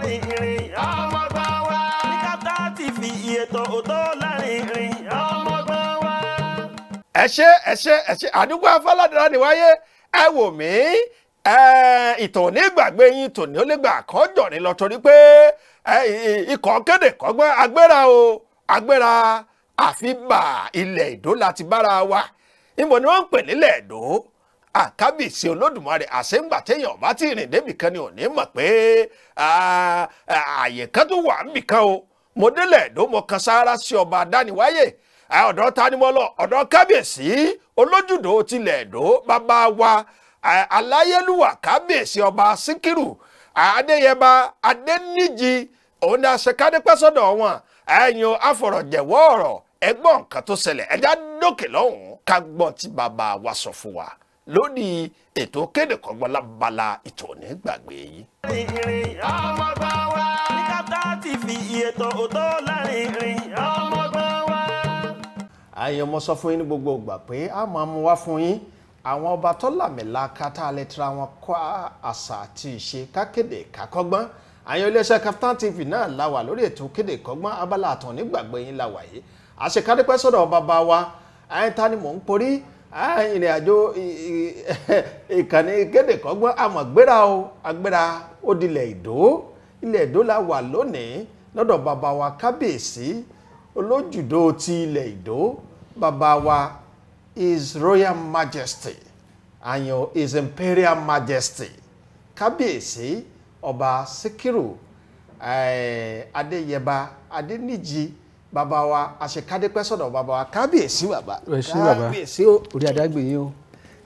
lárinrin ọmọ gbọ́n wá. ní Kaftan TV ètò òótọ́ lárinrin ọmọ gbọ́n wá. ẹ ṣé ẹ ṣé ẹ ṣé àdúgbò afọládàá ni wáyé ẹ wò mí ìtàn onígbàgbé yín tòní ó lè gbà kọ́jọ̀ ní lọ torí pé ikọ̀ kéde kọ́gbọ́n agbéra o agbéra àfi bà ilẹ̀ Ìdó láti bára wa ìmọ̀ ni wọ́n ń pè nílẹ̀ Ìdó. àkábíyèsí olódùmarè àṣẹ́ngbà téèyàn ti rìn débi kan ni ò ní mọ̀ pé o mo ló mọ kan sáárá sí ọba adániwáyè ọdọ ta ọdọ mo lọ ọ̀dọ̀ èdò bàbá wa aláyélúwà ọba síkírù adéyẹba adeniji òun ni aṣekádépẹ́ sọ́dọ̀ wọn ẹ̀yin afọ̀rọ̀jẹ̀wọ́ ọ̀rọ̀ ẹgbọ́n tó dókè wa sọ fún lórí ètò kéde kọ́gbọ́n lábala ìtò nígbàgbé yìí. ìrìn ọmọ gbọ́ wá. ní Kaftan TV ètò òótọ́ láàrin ìrìn ọmọ gbọ́ wá. àyè mo sọ fún yín ní gbogbo ìgbà pé a máa mú wá fún yín àwọn ọba tó làmìlaka tá lè tira wọn kọ́ àṣà àti ìṣe kákéde kákọ́gbọ́n àyàn iléeṣẹ́ Kaftan TV náà la wà lórí ètò kéde kọ́gbọ́n abala àtàn nígbàgbé yín la wà yìí àṣekádépẹ́ sọ̀dọ̀ bàbá wa àyẹ̀ntà ni mò ń porí Ah, ìrìn àjò ìkànnì kéde kọ́gbọ́n àmọ̀gbéra o agbéra ó dilẹ̀ ìdó ilẹ̀ ìdó la wà lónìí lọ́dọ̀ bàbá wa kábíyèsí olójúdó ti ilẹ̀ ìdó bàbá wa his royal majesty àyàn his imperial majesty kábíyèsí ọba síkírù eh, adéyẹba adéníjì bàbá wa àṣekádé pẹ́ sọ̀dọ̀ bàbá wa kábíyèsí bàbá kábíyèsí o orí adágbè yín o.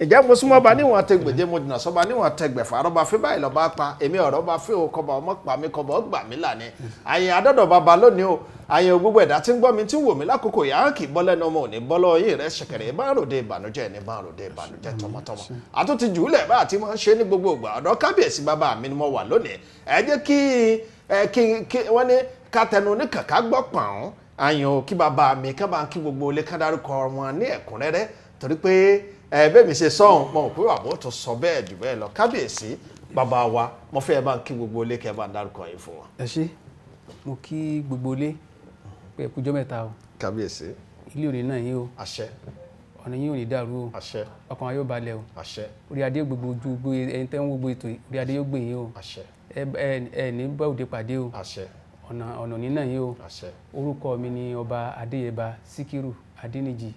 ìjẹ́ mo súnmọ́ bá níwọ̀n tẹgbẹ̀jẹ́ mo jìnnà sọ́ba níwọ̀n tẹgbẹ̀fà rọ́bà fí báyìí lọ́ba pa èmi ọ̀rọ̀ bá fí o kọba ọmọ pa mi kọba ọgbà mi lànà àyìn adọ́dọ̀ bàbá lónìí o àyìn gbogbo ẹ̀dá tí ń gbọ́ mi tí ń wò mí lákòókò yàrá kì í bọ́ lẹ́nu ọmọ òní bọ́ lọ́yìn rẹ̀ ṣẹ̀kẹ̀rẹ̀ bá ròde ìbànújẹ́ ní bá ròde ìbànújẹ́ tọmọtọmọ àtúntì jùlẹ̀ bá àti máa ń ṣe ní gbogbo ìgbà ọ̀dọ̀ kábíyèsí bàbá mi ni mo wà lónìí ẹ jẹ́ kí wọ́n ní ká oníkàkà gbọ́ pàrọ̀ àyàn ò kí bàbá mi ká bá ń kí gbogbo ilé ká dárúkọ wọn ní ẹ̀kúnrẹ́rẹ́ torí pé ẹ mi ṣe sọ́hún mo rò pé bàbá ó sọ bẹ́ẹ̀ jù bẹ́ẹ̀ lọ kábíyèsí bàbá wa mo fẹ́ bá ń kí gbogbo ilé kẹ́ bá ń dárúkọ yín fún wọn. ẹ ṣé mo kí gbogbo ilé pé ẹ kújọ́ mẹ́ta o. kábíyèsí. ilé òní náà yín o. àṣẹ. ọ̀nà yín ò ní dàrú o. àṣẹ. ọkàn yóò balẹ̀ o. àṣẹ. orí adé gbogbo ojú gbogbo ẹni tẹ́ ń wo gbogbo ètò orí adé yóò gbè o. àṣẹ. ẹ ẹ ní bá pàdé o. àṣẹ. ọ̀nà ní náà yìí o orúkọ mi ni ọba adéyẹba sikiru, adéníjì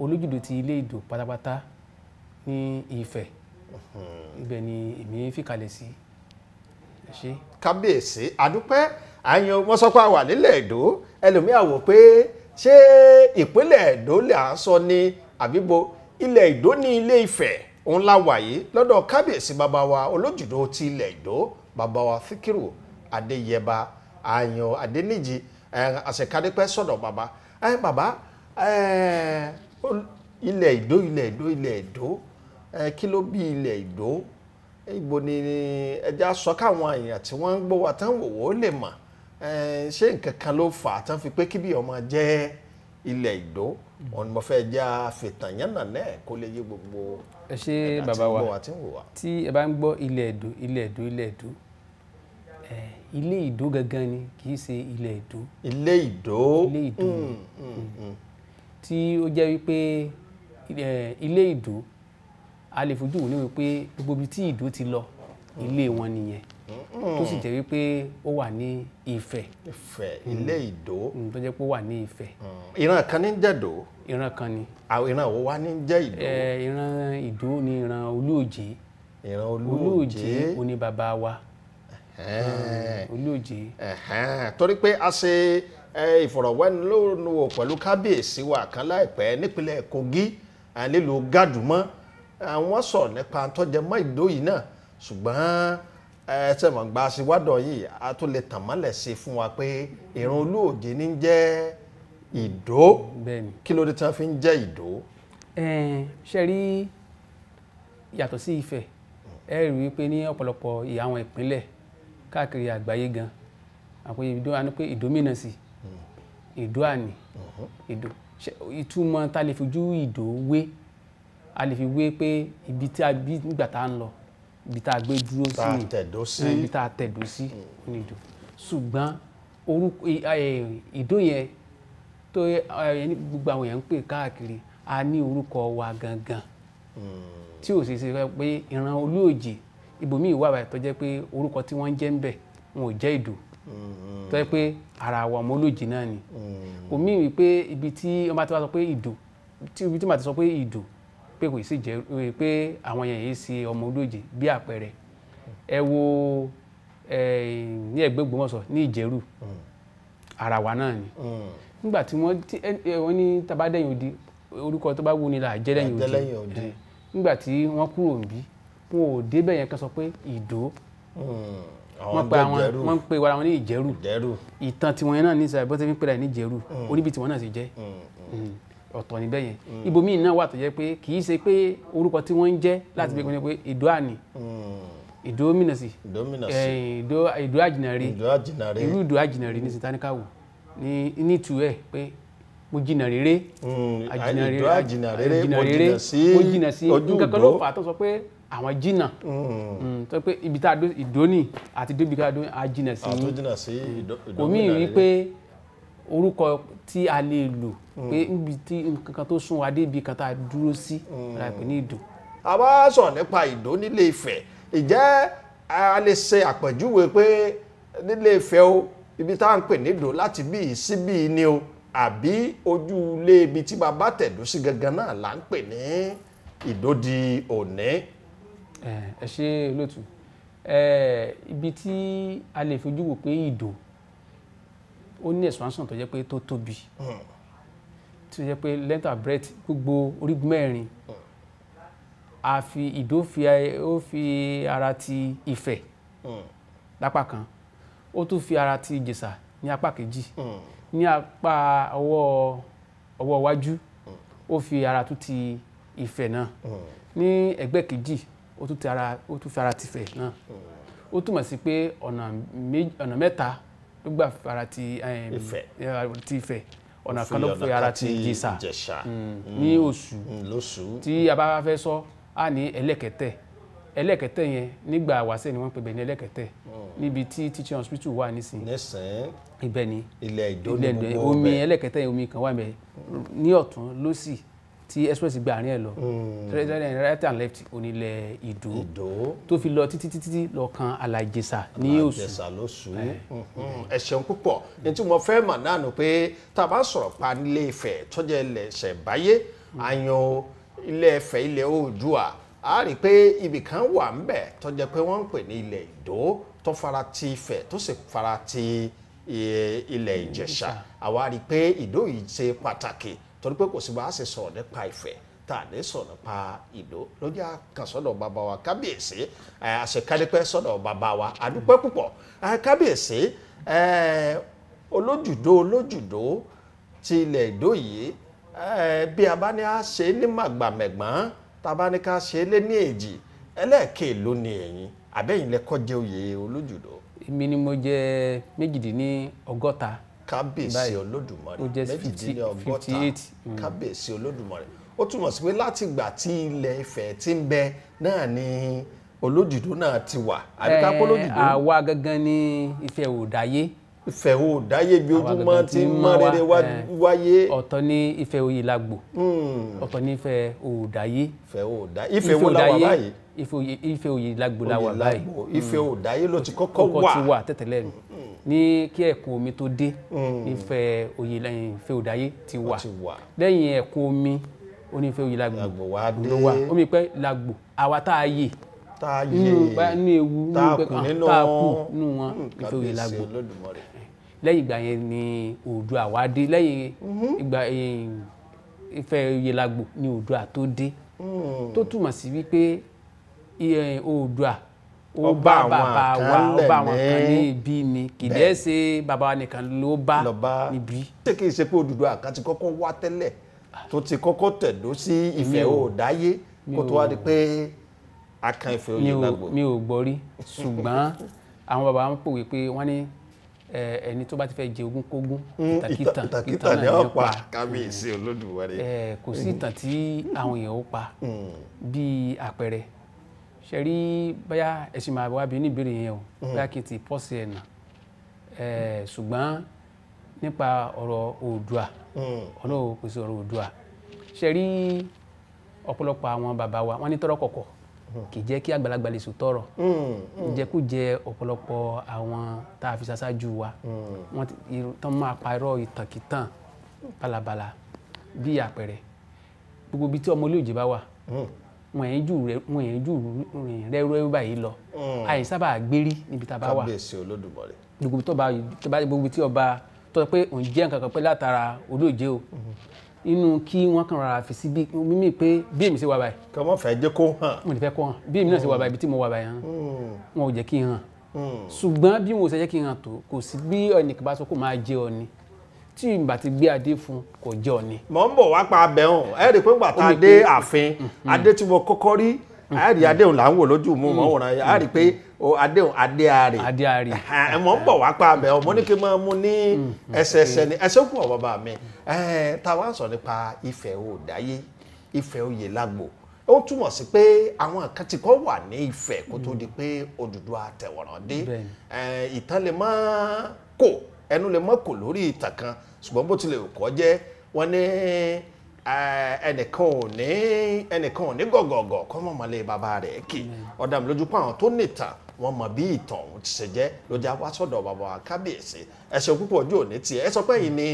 olójúdó ti ilé ìdò pátápátá ní mhm. ni èmi fìkàlẹ̀ sí ṣe. kábíyèsí àdúpẹ́ àyàn wà nílẹ̀ èdò ẹlòmíà wò pé ṣé ìpínlẹ̀ èdò ń sọ ní àbíbo ilẹ̀ èdò ní ilé ti ilẹ̀ èdò babawa àyàn Adéníjì eh, àṣekárípẹ́ sọ̀dọ̀ bàbá eh, bàbá eh, ilẹ̀ Ìdó ilẹ̀ Ìdó ilẹ̀ Ìdó kí ló bí ilẹ̀ Ìdó ibo ni ẹja sọ káwọn èèyàn tí wọ́n ń gbọ́ wa tán wò ó lè mọ̀ ṣé nǹkan kan ló fà á tán fi pé kíbi ọmọ jẹ́ ilẹ̀ Ìdó wọn mo fẹ́ já fìtàn yẹn nà náà kó lè yé gbogbo ṣé bàbá wa tí ẹ bá ń gbọ́ ilẹ̀ Ìdó ilẹ̀ Ìdó ilẹ̀ Ìdó ẹ̀ ilé ìdó gangan ni kì í ṣe ilé ìdó. ilé ìdó ilé hmm, ìdó hmm, hmm, tí ó jẹ́ wípé ilé ìdó a lè fojú wò ní wípé gbogbo ibi tí ìdó ti lọ ilé wọn nìyẹn tó sì jẹ́ wípé ó wà ní Ifẹ̀. Ifẹ̀ ilé ìdó. tó jẹ́ pé ó wà ní Ifẹ̀. ìran kan ní jẹ̀dó. ìran kan ni. àwọn ìran wo wá ní jẹ́ ìdó. ìran ìdó ni ìran olóòjé. ìran olóòjé olóòjé oní wa olóòjé. torí pé a ṣe ìfọ̀rọ̀wánilónúwò pẹ̀lú kábíyèsí wa kan láìpẹ́ nípínlẹ̀ Kogi nílùú Gàdúmọ́ wọ́n sọ̀rọ̀ nípa tọ́jẹmọ́ ìdó yìí náà ṣùgbọ́n ẹ ṣe mọ̀ gba aṣíwádọ̀ yìí a tún lè tàn mọ́lẹ̀ sí fún wa pé ìran olóòjé ní jẹ́ ìdó kí ló dé tí wọ́n fi ń jẹ́ ìdó. ṣe rí yàtọ̀ sí Ifẹ̀ ẹ rí i pé ní ọ̀pọ̀lọpọ̀ àwọn ìpínlẹ̀ káàkiri àgbáyé gan àpò ìdó àni pé ìdómìnà sí hmm. ìdó àní hmm. ìdó ìtumọ̀ ta lè fojú ìdó wé a lè fi wé pé ibi tí a bí nígbà tá a ń lọ ibi tá a gbé dúró sí eh, ibi tá a tẹ̀dó sí hmm. ní ìdó ṣùgbọ́n orúkọ eh, eh, ìdó yẹn tó gbogbo àwọn èèyàn ń pè káàkiri a ní orúkọ wa gangan tí ò sì ṣe pé ìran olóòjì ibòmíì wà báyìí tó jẹ́ pé orúkọ tí wọ́n ń jẹ́ ń bẹ̀ wọn ò jẹ́ ìdò mm-hmm. tó jẹ́ pé ara àwọn ọmọlójì náà ni mm-hmm. kò mí wí pé ibi tí wọ́n bá ti wá sọ pé ìdò tí ibi tí wọ́n bá ti sọ pé ìdò pé kò sì jẹ́ pé àwọn yẹn yìí ṣe ọmọlójì bí àpẹẹrẹ ẹ wo ní ẹgbẹ́ Ògbómọ̀ṣọ́ ní Ìjẹ̀rù mm. ara wa náà ni mm. nígbà tí wọ́n wọ́n ní tabadẹ́yìn odi orúkọ tó bá wù ní là jẹ́lẹ́yìn odi nígbà tí wọ́n kúrò níbí wọn ò débẹ̀ yẹn kan sọ pé ìdó hmm, wọ́n pe àwọn wọ́n pe wàrà wọn ní ìjẹ́rù ìtàn tiwọn yẹn náà ní sàbẹ̀ bọ́tẹ́ fi ń pè rẹ̀ ní ìjẹ́rù oníbi hmm. tiwọn náà sì jẹ́ hmm, ọ̀tọ̀ níbẹ̀ yẹn ibòmíì náà wà tó jẹ́ pé kì í ṣe pé orúkọ tí wọ́n ń jẹ́ láti bí wọ́n pé ìdó àní ìdó mìnàsì eh, ìdó àjìnàre irú ìdó àjìnàre ní sitaníkàwò ní ìtú ẹ̀ pé mo jìnà rere àjìnà rere mo jìnà sí nǹkan kan àwọn jìnnà hmm. Hmm, tó pé ibi tá a dó ìdóní àti débi ká a jìnnà sí yín omi rí pé orúkọ tí a lè lò hmm. pé níbi tí nǹkan tó sún wa débi kan tá a dúró sí ra pè ní ìdò. a bá sọ̀rọ̀ nípa ìdó nílé Ifẹ̀ ìjẹ́ a lè ṣe àpèjúwe pé nílé Ifẹ̀ o ibi tá à ń pè nídò láti bí i sí bí i ni o àbí ojú ilé ibi tí bàbá tẹ̀dó sí gangan náà là ń pè ní ìdó òní. Eh, ẹ ṣe olóòtú eh, ibi tí a lè fojú wò pé ìdò ó ní expansion tó jẹ́ pé tó tóbi tó jẹ́ pé length and breadth gbogbo orígun mẹ́rin a fi ìdó fi ó fi ara ti Ifẹ̀ lápá kan ó tún fi ara ti Ìjẹ̀ṣà ní apá kejì ní apá ọwọ́ ọwọ́ iwájú ó fi ara tún ti Ifẹ̀ náà ní ẹgbẹ́ kejì ó tún ti ara ó tún fi ara ti fẹ̀ náà ó túmọ̀ sí pé ọ̀nà mẹ́ta ló gbà fara ti Ifẹ̀ ọ̀nà kan ló fi ara ti eh, Ìjẹ̀ṣà hmm. Hmm. ní oṣù hmm, tí a bá fẹ́ sọ á ní ẹlẹ́kẹ̀tẹ̀ ẹlẹ́kẹ̀tẹ̀ yẹn nígbà wàṣẹ ni wọ́n pè bẹ̀ ní ẹlẹ́kẹ̀tẹ̀ níbi tí teaching hospital wà nísìn ibẹ̀ ni ilẹ̀ ìdó ni gbogbo ọbẹ̀ omi ẹlẹ́kẹ̀tẹ̀ omi kan wà mẹ́ ní ọ̀tún lọ́sì tí express gba àárín ẹ lọ hmm. right and left onílẹ̀ ìdó tó fi lọ títí títí lọ kan alàjẹsà ní oṣù alàjẹsà lóṣù hmm. ẹ ṣeun púpọ̀ ní tí mo fẹ́ mà náà nù pé tá a bá sọ̀rọ̀ pa nílé Ifẹ̀ tọ́jà ilẹ̀ ṣẹ̀báyé àyàn ilé Ifẹ̀ ilẹ̀ Oòduà a rí i pé ibì kan wà ń bẹ̀ tọ́jà pé wọ́n ń pè ní ilẹ̀ ìdó tó fara ti Ifẹ̀ tó sì fara ti eh, ilẹ̀ Ìjẹ̀ṣà àwa rí i pé ìdó yìí ṣe pàtàkì torí pé kò sí bá a ṣe sọ̀rọ̀ nípa ìfẹ́ tá a ní sọ̀rọ̀ nípa ìlú ló jẹ́ àkàn sọ́dọ̀ bàbá wa kábíyèsí àṣekárípẹ́ sọ́dọ̀ bàbá wa àdúpẹ́ púpọ̀ kábíyèsí olójúdó olójúdó ti ilẹ̀ ìdó yìí bí a bá ní a ṣe é ní màgbàmẹ̀gbọ́n tá a bá ní ká ṣe lé ní èjì ẹlẹ́ẹ̀kẹ́ ló ní ẹ̀yìn àbẹ́yìn lẹ́kọ́ jẹ́ oyè olójúdó. èmi ni mo jẹ méjìdínlọ́gọ́ta kábíyèsí olódùmarè méjìdínlọ́gọ́ta mm. kábíyèsí olódùmarè ó túmọ̀ sí pé láti ìgbà tí ilẹ̀ Ifẹ̀ ti ń bẹ náà ni olódìdó náà ti wà àbíká polódìdó. Eh, àwa gangan ni Ifẹ̀ ò dáyé. Ifẹ̀ ò dáyé bí ojúmọ́ ti ń mọ́ rere eh, wáyé. ọ̀tọ̀ ni Ifẹ̀ òye làgbò hmm. ọ̀tọ̀ ni Ifẹ̀ ò dáyé. Ifẹ̀ ò dáyé Ifẹ̀ wo la wà báyìí. Ifẹ̀ òye làgbò la wà báyìí. Ifẹ̀ ò dáyé ló ti kọ́kọ́ wà tẹ́tẹ́lẹ̀ mi ní kí ẹ̀kún omi tó dé Ifẹ̀ hmm. oyè lẹ́yìn Ifẹ̀ òdáyé ti wà lẹ́yìn ẹ̀kún omi ó ní Ifẹ̀ oyè lágbo ló wà omi pẹ́ lágbo àwa tá a yè nínú ewu ah, tá a kù nínú wọn Ifẹ̀ oyè lágbo lẹ́yìn ìgbà yẹn ni Oòduà wá dé lẹ́yìn mhm. ìgbà Ifẹ̀ eh, oyè lágbo ni Oòduà tó dé hmm. tó túmọ̀ sí wípé eh, Oòduà ó bá bàbá wa ó bá àwọn kan ní ibi ni kì í dẹ́ ṣe bàbá wa nìkan ló bá níbí. ṣé kì í ṣe pé Odùduwà kan ti kọ́kọ́ wá tẹ́lẹ̀ tó ti kọ́kọ́ tẹ̀dó sí Ifẹ̀ òòdáyé kó tó wá di pé akan Ifẹ̀ òye gbàgbó. mi ò gbọ́ rí ṣùgbọ́n àwọn bàbá wa ń pòwe pé wọ́n ní ẹni tó bá ti fẹ́ jẹ ogún kógún hmm, ìtàkìtàn ìtàkìtàn ni ó pa kábíyèsí Olódùmarè kò sí ìtàn tí àwọn èèyàn ó pa hmm. bíi àpẹẹrẹ ṣe rí bóyá ẹ̀sìn máa wá bí níbèrè yẹn o mm-hmm. bóyá kí n ti pọ́sì ẹ̀ nà ṣùgbọ́n nípa ọ̀rọ̀ oòdùà mm. ọ̀nà òpèsè ọ̀rọ̀ oòdùà ṣe rí ọ̀pọ̀lọpọ̀ àwọn bàbá wa wọ́n ní tọ́rọ̀ kọ̀kọ̀ mm-hmm. kì í jẹ́ kí àgbàlagbà lè sòtọ́rọ̀ mm-hmm. mm. ìjẹkújẹ ọ̀pọ̀lọpọ̀ àwọn tá a fi ṣaṣáájú wa mm. wọ́n tán máa parọ́ ìtànkìtàn balabala bí àpẹẹrẹ gbogbo ibi tí ọmọ olóòjì bá wà wọ́n yẹn jù wọ́n yẹn jù rìn rẹ́rú báyìí lọ àìsábà hmm. gbérí níbi tá a bá wà kábíyèsí olódùmarè gbogbo tó bá gbogbo tí ọba tó sọ pé òun jẹ́ nǹkan kan pé látara olóòjé o hmm. inú kí wọ́n kàn rárá fi sí mímí pé bí èmi ṣe wà báyìí. kí wọ́n fẹ́ jẹ́ kó hàn. wọ́n ti fẹ́ kó hàn bí èmi náà ṣe wà hmm. báyìí ibi tí mo wà báyìí hàn wọn ò jẹ́ kí n hàn ṣùgbọ́n bí wọn ò ṣe jẹ́ kí n hàn tó kò sí bí ọ̀nì bá sọ kó máa jẹ ọ̀nì tí ìgbà ti gbé adé fún kò jẹ́ ọ̀ni. mọ̀ ń bọ̀ wá pa abẹ́ hàn ẹ rí i pé ńgbà tá a dé ààfin mm-hmm. Mm-hmm. adé tí mo kọ́kọ́ rí àárí mm-hmm. adéhùn là ń wò lójú mú mọ̀ wòran àárí pé adéhùn adé àárẹ̀ adé àárẹ̀ mọ̀ ń bọ̀ wá pa abẹ́ hàn mo ní kí n máa mú ní ẹsẹ̀ ẹsẹ̀ ni ẹsẹ̀ kù ọ̀ bàbá mi tá a wá sọ nípa Ifẹ̀ Òòdáyé Ifẹ̀ Oyè Lágbo ó túmọ̀ sí pé àwọn nǹkan tí kò wà ní Ifẹ̀ kó tó di pé Odùduwà àtẹ̀wọ̀ràn dé ìtàn lè máa kò ẹnu lè mọ́kò lórí ìtàn kan ṣùgbọ́n bó tilẹ̀ kọ́ jẹ́ wọ́n ní ẹnìkan ò ní ẹnìkan ò ní gọ̀gọ̀gọ̀ kọ́ mọ̀ mọ́lẹ̀ bàbá rẹ̀ kì ọ̀dà mi lójú pa àwọn tó nìtàn wọ́n mọ̀ bí ìtàn òun ti ṣe jẹ́ ló já wá sọ̀dọ̀ bàbá kábíyèsí ẹ púpọ̀ ojú òní tiẹ̀ ẹ sọ pé yìí ni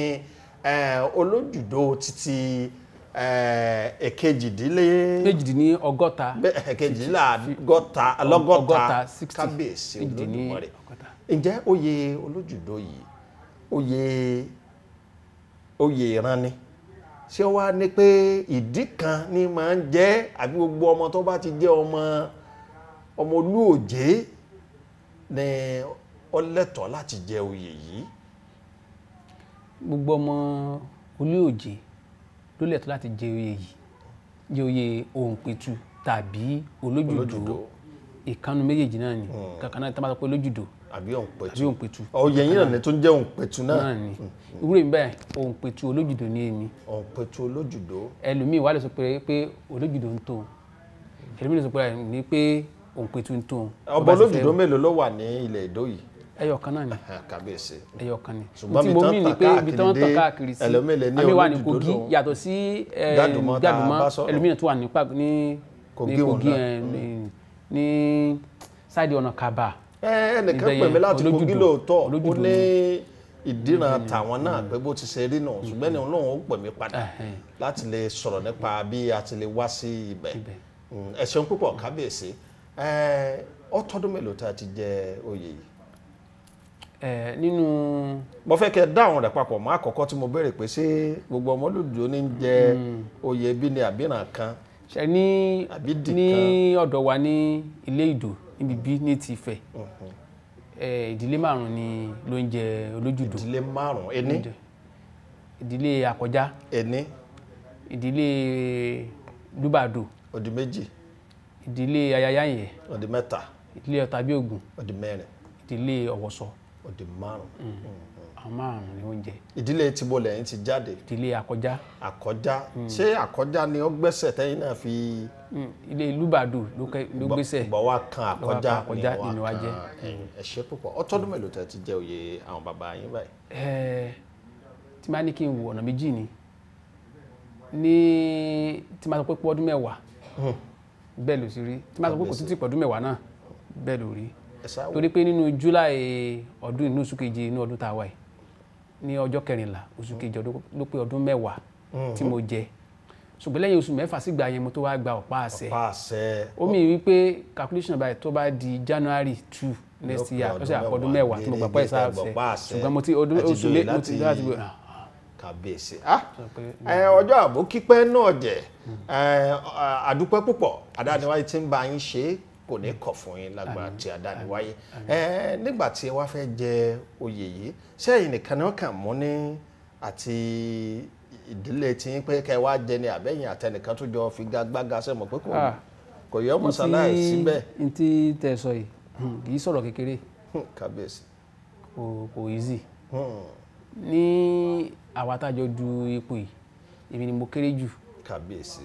olójúdó títí èkejìdínlé èkejìdínlé ọgọ́ta èkejìdínlọ́gọ́ta kábíyèsí olódùmarè ǹjẹ́ oyè olójúdó yìí oyè oyè ìran ni ṣé wá ní pé ìdí kan ní máa ń jẹ́ àbí gbogbo ọmọ tó bá ti jẹ́ ọmọ ọmọ olóòjé ni ó lẹ́tọ̀ọ́ láti jẹ oyè yìí. gbogbo ọmọ olóòjé ló lẹ́tọ̀ọ́ láti jẹ oyè yìí jẹ oyè òǹpẹ̀tù tàbí olójúdò ìkanu méjèèjì náà ni hmm. kankan náà tí wọ́n bá sọ pé olójúdò àbí òǹpẹ̀tù àbí òǹpẹ̀tù. ọ̀yẹ̀ yín náà tó ń jẹ́ òǹpẹ̀tù náà. náà ni irú èmi báyìí òǹpẹ̀tù olójúdò ni èmi. òǹpẹ̀tù olójúdò. ẹlòmíì wà lè sọ pé pé olójúdò ń tó ẹlòmíì lè sọ pé ní pé òǹpẹ̀tù ń tó. ọba olójúdò mélòó ló wà ní ilẹ̀ Ẹdó yìí. ẹyọ kan náà ni kábíyèsí. ẹyọ kan ni ṣùgbọ́n mi tán tàn káàkiri sí ẹlòmíì tó ní Kogi ní sáìdì ọ̀nà Kaba Eh, ẹnìkan pè mí láti kogi lóòótọ́ ó ní ìdíran tàwọn náà pé bó ti ṣe rí náà mm. ṣùgbọ́n ní ọlọ́run ó pè mí padà ah, eh. láti lè sọ̀rọ̀ nípa bí a ti lè wá sí ibẹ̀ mm, ẹ púpọ̀ kábíyèsí ó eh, mélòó tá a ti jẹ oyè yìí. nínú. mo fẹ́ kẹ́ dáhùn rẹ̀ papọ̀ mọ́ àkọ́kọ́ tí mo béèrè pé ṣé gbogbo ní jẹ mm. oyè bí ni kan. ṣe ní ọ̀dọ̀ wa ní ilé níbi bí ní ti Ifẹ̀ ìdílé márùn ni ló ń jẹ Olójúdò ìdílé márùn ẹni ìdílé Àkọjá ẹni ìdílé Dúbàdò ọdí méjì ìdílé Ayayaye ọdí mẹ́ta ìdílé Ọ̀tàbí Ògùn ọdí mẹ́rin ìdílé Ọ̀wọ̀sọ ọdí márùn. Mm. Mm àwọn márùn ni oúnjẹ. ìdílé tìbọlẹ̀ yín ti jáde. ìdílé àkọjá. àkọjá hmm. ṣé àkọjá ni ó gbẹ́sẹ̀ tẹ́yìn náà fi. Hmm. ilé lùbàdù ló gbẹ́sẹ̀. bọ̀ wá kan àkọjá ni wá kan ẹ ṣé púpọ̀ ọtọ́dún mélòó tẹ́ ti jẹ oyè àwọn bàbá yín báyìí. ẹẹ tí máa ní kí n wo ọ̀nà méjì ni ní tí máa sọ pé pọ́dún mẹ́wàá hmm. bẹ́ẹ̀ ló sì rí tí máa sọ pé kò títí pọ́dún mẹ́wàá náà bẹ́ẹ̀ ló rí torí pé nínú July ọdún inú oṣù inú ọdún tá a wà ní ọjọ́ kẹrìnlá oṣù mm. kejì ló pé ọdún mẹ́wàá mm-hmm. tí mo jẹ ṣùgbọ́n lẹ́yìn oṣù mẹ́fà sígbà yẹn mo tó wá gba ọ̀pá àṣẹ ó mì wípé calculation báyìí tó bá di January two next year ọ̀sẹ̀ àkọ́dún mẹ́wàá tí mo gbà pẹ́ sáà ṣẹ ṣùgbọ́n mo ti oṣù lé mo ti láti gbé kàbíyèsí ah! ah! ọjọ́ àbókípẹ́ náà jẹ́ àdúpẹ́ mm. púpọ̀ adániwáyé ti ń bá yín ṣe é kò ní kọ̀ fún yín lágbára tí a dáni wáyé nígbà tí ẹ wá fẹ́ jẹ oyè yìí sẹ́yìn nìkan ni wọ́n kàn mú ní àti ìdílé tí yín pé kẹ́ ẹ wá jẹ ní àbẹ́yìn àtẹnìkan tó jọ fi gbága sẹ́mọ̀ pé ah. kò yọ ọmọ síbẹ̀. n ti tẹ sọ yìí hmm, kì í sọ̀rọ̀ kékeré hmm, kò easy hmm. ní àwa tájọ du ipò yìí èmi ni mo kéré jù kábíyèsí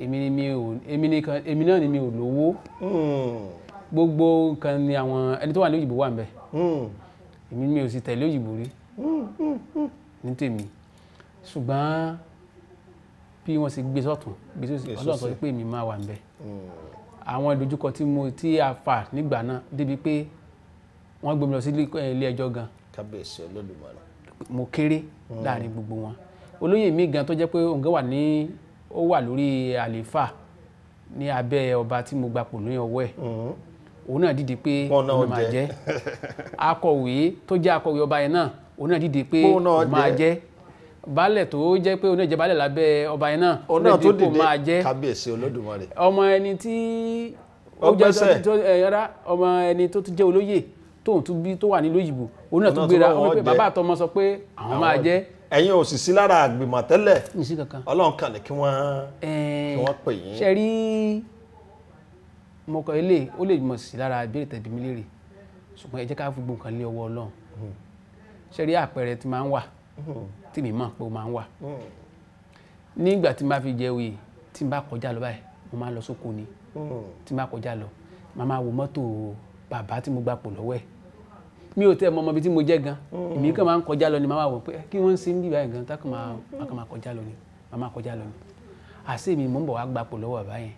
èmi ni mi ò èmi nìkan èmi náà ni mi ò lówó hmm. gbogbo nǹkan ni àwọn ẹni tó wà ní òyìnbó wà ń bẹ hmm. èmi mi ò sì tẹ̀lé òyìnbó rí hmm, ní tèmi ṣùgbọ́n bí wọ́n sì gbé sọ́tún gbé sọ́sì ọlọ́run sọ pé èmi máa wà ń àwọn ìdojúkọ tí mo ti fà nígbà náà débi pé wọ́n gbé mi lọ sí ilé eh, ẹjọ́ gan kábíyèsí olódùmarè mo kéré láàrin gbogbo wọn olóyè mi gan tó jẹ́ pé òǹgá wà ní ó wà lórí àlééfà ní abẹ́ ọba tí mo gbapò ní ọwọ́ ẹ̀ mhm. òun náà dìde pé òun máa jẹ́ akọ̀wé tó jẹ́ akọ̀wé ọba yẹn náà òun náà dìde pé òun máa jẹ́ baálẹ̀ tó jẹ́ pé òun náà jẹ́ baálẹ̀ lábẹ́ ọba yẹn náà òun náà tó dìde kábíyèsí olódùmarè ọmọ ẹni tí ó jẹ́ ọmọ ẹni tó jẹ́ olóyè tóun tó wà nílùú òyìnbó òun náà tún gbéra wọn pé bàbá àtọmọ sọ pé àwọn máa jẹ́ ẹ̀yin ò sì sí lára àgbìmọ̀ tẹ́lẹ̀ ọlọ́run kan ní kí wọ́n kí wọ́n pè yín. ṣe rí mọ̀kọ́ ilé ó lè mọ̀ sí lára ìbéèrè tẹ̀bí mi léèrè ṣùgbọ́n ẹ jẹ́ ká fi gbogbo nǹkan lé ọwọ́ ọlọ́run hmm. ṣe rí àpẹẹrẹ tí máa ń wà hmm. tí mi mọ̀ pé ó máa ń wà hmm. nígbà tí n bá fi jẹ oyè tí n bá kọjá lọ báyìí mo máa lọ sóko ni tí n bá kọjá lọ màá wo mọ́tò bàbá tí mo gbapò lọ́wọ́ ẹ̀ mi ò tẹ́ mọ ọmọ ibi tí mo jẹ́ gan mm. èmi kàn máa ń kọjá lọ ni màá wò pé kí wọ́n ń sin bíbá yẹn gan tá kàn máa kọjá lọ ni màá máa kọjá lọ ni àṣé mi mò ń bọ̀ wá gbapò lọ́wọ́ bàbá yẹn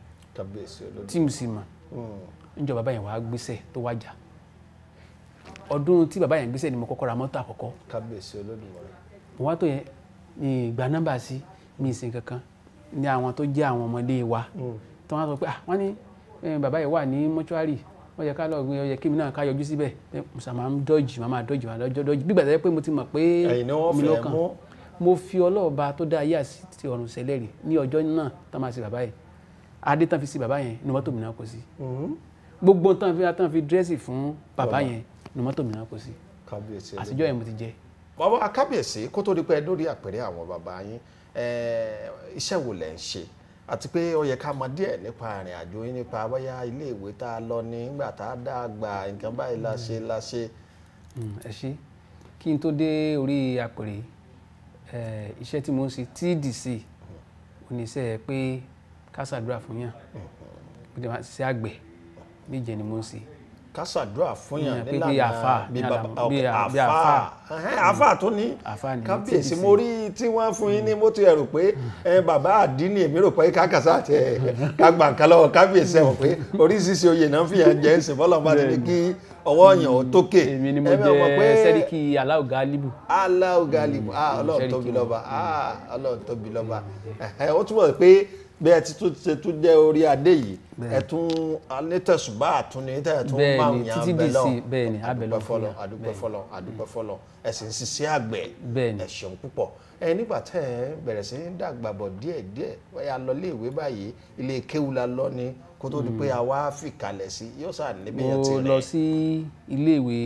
tí mo sì mọ̀ mm. níjọ bàbá yẹn wàá gbéṣẹ́ tó wájà ọdún tí bàbá yẹn gbéṣẹ́ ni mo kọ́kọ́ ra mọ́tò àkọ́kọ́ mo wá tó yẹn ni ìgbà nọ́mbà sí mi ìsìn kankan ní àwọn tó jẹ́ àwọn ọmọdé wa mm. tó wá sọ pé ah wọ́n ní bàbá yẹn wà ní mọ́ṣúárì ó yẹ ká lọ gbé ó yẹ kémi náà ká yọjú síbẹ̀ musa máa ń dọ́jì máa máa dọ́jì máa dọ́jì bí gbàdúrà pé mo ti mọ̀ pé mi ló kàn mo fi ọlọ́ọ̀ba tó dá ayé àti ọ̀run ṣèlérí ní ọjọ́ náà tá máa ṣe bàbá yẹn adé tán fi sí bàbá yẹn ni mọ́tò mi náà kò sí mm-hmm. gbogbo tán fi tán fi dírẹ́sì fún bàbá yẹn ni mọ́tò mi kò sí àtijọ́ yẹn mo ti jẹ. bàbá kábíyèsí kó tó di pé lórí àpèrè àwọn bàbá yín iṣẹ́ wo lẹ̀ ń ṣe àti pé ó yẹ ká mọ díẹ̀ nípa àrìn àjò yín nípa bóyá ilé ìwé tá a lọ ní nígbà tá a dá àgbà nǹkan báyìí la ṣe hmm, ẹ ṣe kí n tó dé orí àpèrè iṣẹ́ tí mo ń ṣe TDC oníṣẹ́ pé ká ṣàdúrà fún yàn bí wọ́n ti ṣe àgbẹ̀ méje ni mo ń ṣe kásàdúrà fún yàn nílànà bí àfà àfà tó ní kábíyèsí mo rí tí wọ́n fún yín ní mo ti rò pé bàbá àdínní èmi rò pé kákàsá àti kágbà nǹkan lọ́wọ́ kábíyèsí ẹ̀wọ̀n pé oríṣiríṣi oyè náà fi hàn jẹ́ ẹ̀sìn fọlọ́mọba rẹ̀ ní kí ọwọ́ yàn ó tókè. èmi ni mo jẹ sẹ́ríkì aláwọ̀ gálíbù. aláwọ̀ gálíbù ọlọ́run tóbi lọ́ba ọlọ́run tóbi lọ́ba ó túmọ̀ pé bẹ́ẹ̀ ti tó ṣe tó jẹ́ orí adé yìí ẹ̀tún anítẹ̀sùbá àtúnni tẹ̀tún máa ń yan abẹ́lọ́ bẹ́ẹ̀ni abẹ́lọ́ fọlọ́ adúpẹ́ fọlọ́ adúpẹ́ fọlọ́ ẹ̀sìn ṣiṣẹ́ àgbẹ̀ ẹ ṣeun púpọ̀ ẹ nígbà tẹ́ ẹ bẹ̀rẹ̀ sí ń dàgbà bọ̀ díẹ̀ díẹ̀ wáyà lọ ilé ìwé báyìí ilé kéwu lọ ni kó tó di pé hmm. a wá fìkàlẹ̀ sí yóò sà níbi yẹn ti rẹ̀. mo lọ sí ilé ìwé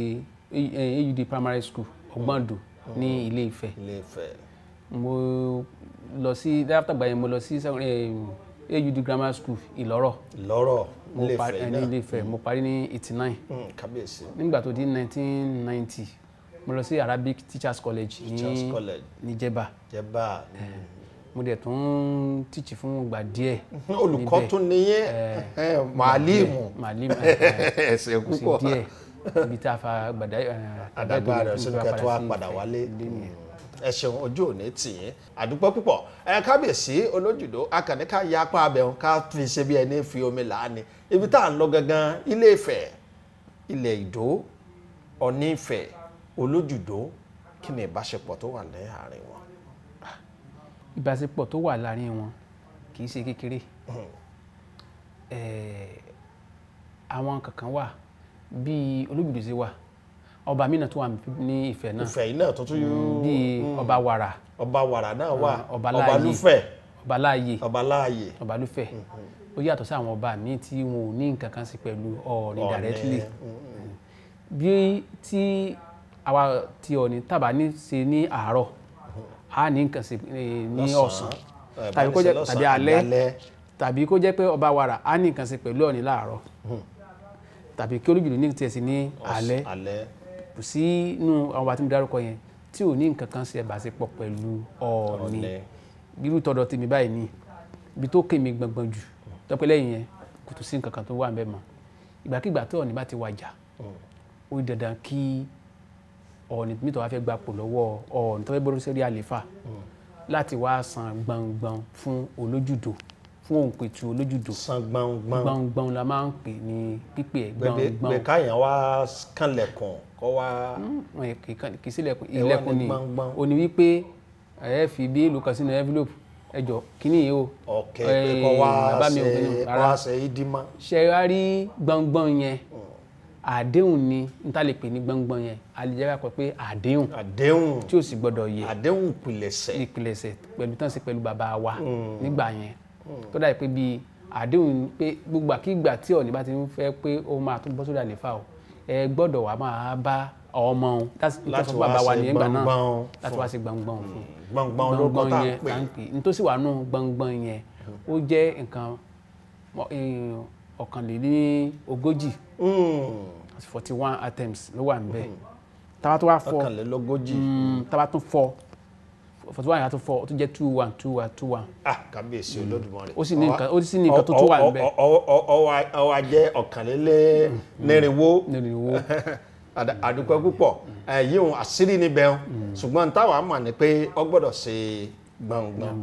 eh, AUD primary school ọgbọ́ndù hmm. ní ilé Ifẹ̀ mo lọ sí dáfítà gbà yẹn mo lọ sí eh, AUD grammar school Ìlọ́rọ̀ Ìlọ́rọ̀ Ilé-Ifẹ̀ náà Ilé-Ifẹ̀ mo parí ní eighty nine hmm, kábíyèsí nígbà tó di nineteen ninety mo lọ sí Arabic Teachers College ní ní Jẹ̀bà Jẹ̀bà eh, mo dẹ̀ tún tíìchì fún ìgbà díẹ̀. olùkọ́ tún níyẹn eh, màálímù màálímù ẹsẹ̀ púpọ̀ ibi tá a fa àdàgbà rẹ̀ sínú kẹtọ́ àpàdà wálé ẹ ṣeun ojú òní tì í àdúpọ̀ púpọ̀ ẹ kábíyèsí olójúdó akànníkà ya apá abẹ́hùn ká fi ṣe bí ẹni fi omi làání ibi tá à ń lọ gangan ilé Ifẹ̀ ilé Ìdó Ọ̀ọ̀ni Ifẹ̀ olójúdó kí ni ìbáṣepọ̀ tó wà láàrin wọn. ìbáṣepọ̀ tó wà láàrin wọn kì í ṣe kékeré hmm. àwọn kankan wà bíi olójúdó ṣe wà ọba mìíràn tó wà ní Ifẹ̀ náà Ifẹ̀ yìí náà tó tún yóò mm, bíi mm. ọba wàrà ọba wàrà náà wà mm, ọba lúfẹ̀ ọba láàyè ọba láàyè ọba lúfẹ̀ mm-hmm. ó yàtọ̀ sí àwọn ọba míì tí wọn ò ní nǹkan kan sí pẹ̀lú Ọọ̀ni directly mm-hmm. bí tí àwa ti Ọọ̀ni tàbá ní ṣe ní àárọ̀ a ní nǹkan sí eh, ní ọ̀sán tàbí kó jẹ́ tàbí alẹ́ tàbí kó jẹ́ pé ọba wàrà a ní nǹkan sí pẹ̀lú Ọọ̀ni láàárọ̀ mm-hmm. tàbí kí Olújùlù ní tiẹ̀ sí ní alẹ́ kò sí inú àwọn àti mo dárúkọ yẹn tí ò ní nǹkan kan ṣe ìbáṣepọ̀ pẹ̀lú ọ̀ọ̀ni irú tọ̀dọ̀ tèmi báyìí ni ibi tó kémi gbọ̀ngbọ̀n jù tọ́pẹ́ lẹ́yìn yẹn kò tún sí nǹkan kan tó wà ńbẹ̀ mọ́ ìgbàkigbà tó ọ̀ọ̀ni bá ti wàjà hmm. ó dandan kí ọ̀ọ̀ni mi tó wá fẹ́ gbapò lọ́wọ́ ọ̀ọ̀ni tó fẹ́ bọ́dọ̀ sẹ́rí àléfà hmm. láti wá san gbọ̀ngbọ̀n fún olójúdò fún òǹpẹ̀tù olójúdò. san gbọ̀ngbọ̀n gbọ̀ngbọ̀n la máa ń pè ní pípè gbọ̀ngbọ̀n. gbẹ̀ká yẹn wá kànlẹ̀kùn kọ́ wá. Hmm, kì í sí ilẹ̀kùn ilẹ̀kùn ni ó ní wípé ẹ fi bí ìlú kan sínú envelope ẹ jọ yìí o. ọkẹ kọ wá ṣe ṣe é dímọ. ṣe wá rí gbọ̀ngbọ̀n yẹn hmm. àdéhùn ni n ta lè pè ní gbọ̀ngbọ̀n yẹn a lè jẹ́ ká pọ̀ pé àdéhùn àdéhùn tí ò sì gbọ́dọ̀ yẹ àdéhùn ìpìlẹ̀ṣẹ̀ ìpìlẹ̀ṣẹ̀ pẹ̀lú tán sí pẹ̀lú bàbá wa hmm. nígbà yẹn tó dà pé bíi àdéhùn pé gbogbo àkígbà tí ọ̀ní bá ti ń fẹ́ pé ó máa tún bọ́ sódà nífà o ẹ gbọ́dọ̀ wà máa bá ọmọ òun láti wà bá wa ní ìgbà náà láti wá sí gbọ̀ngbọ̀n òun hmm, gbọ̀ngbọ̀n olóko tá a pè n tó sì wà nù gbọ̀ngbọ̀n yẹn ó jẹ́ nǹkan ọ̀kànlélógójì hmm. forty one attempts ló wà níbẹ̀ tábà tó wà fọ ọ̀kànlélógójì hmm, tábà tó fọ forty one yàtọ̀ four ó tún jẹ́ two one two one two one. ah kábíyèsí olódùmarè. ó sì ní nǹkan ó sì ní nǹkan tó tó wà níbẹ̀. ọwọ́ ajẹ́ ọ̀kànlélénírínwó. Mm, mm. nírínwó. àdúpẹ́ púpọ̀ èyí mm. òun àṣírí níbẹ̀ o ṣùgbọ́n táwa mọ̀ ni pé ọ gbọ́dọ̀ ṣe gbọ̀ngbọ̀n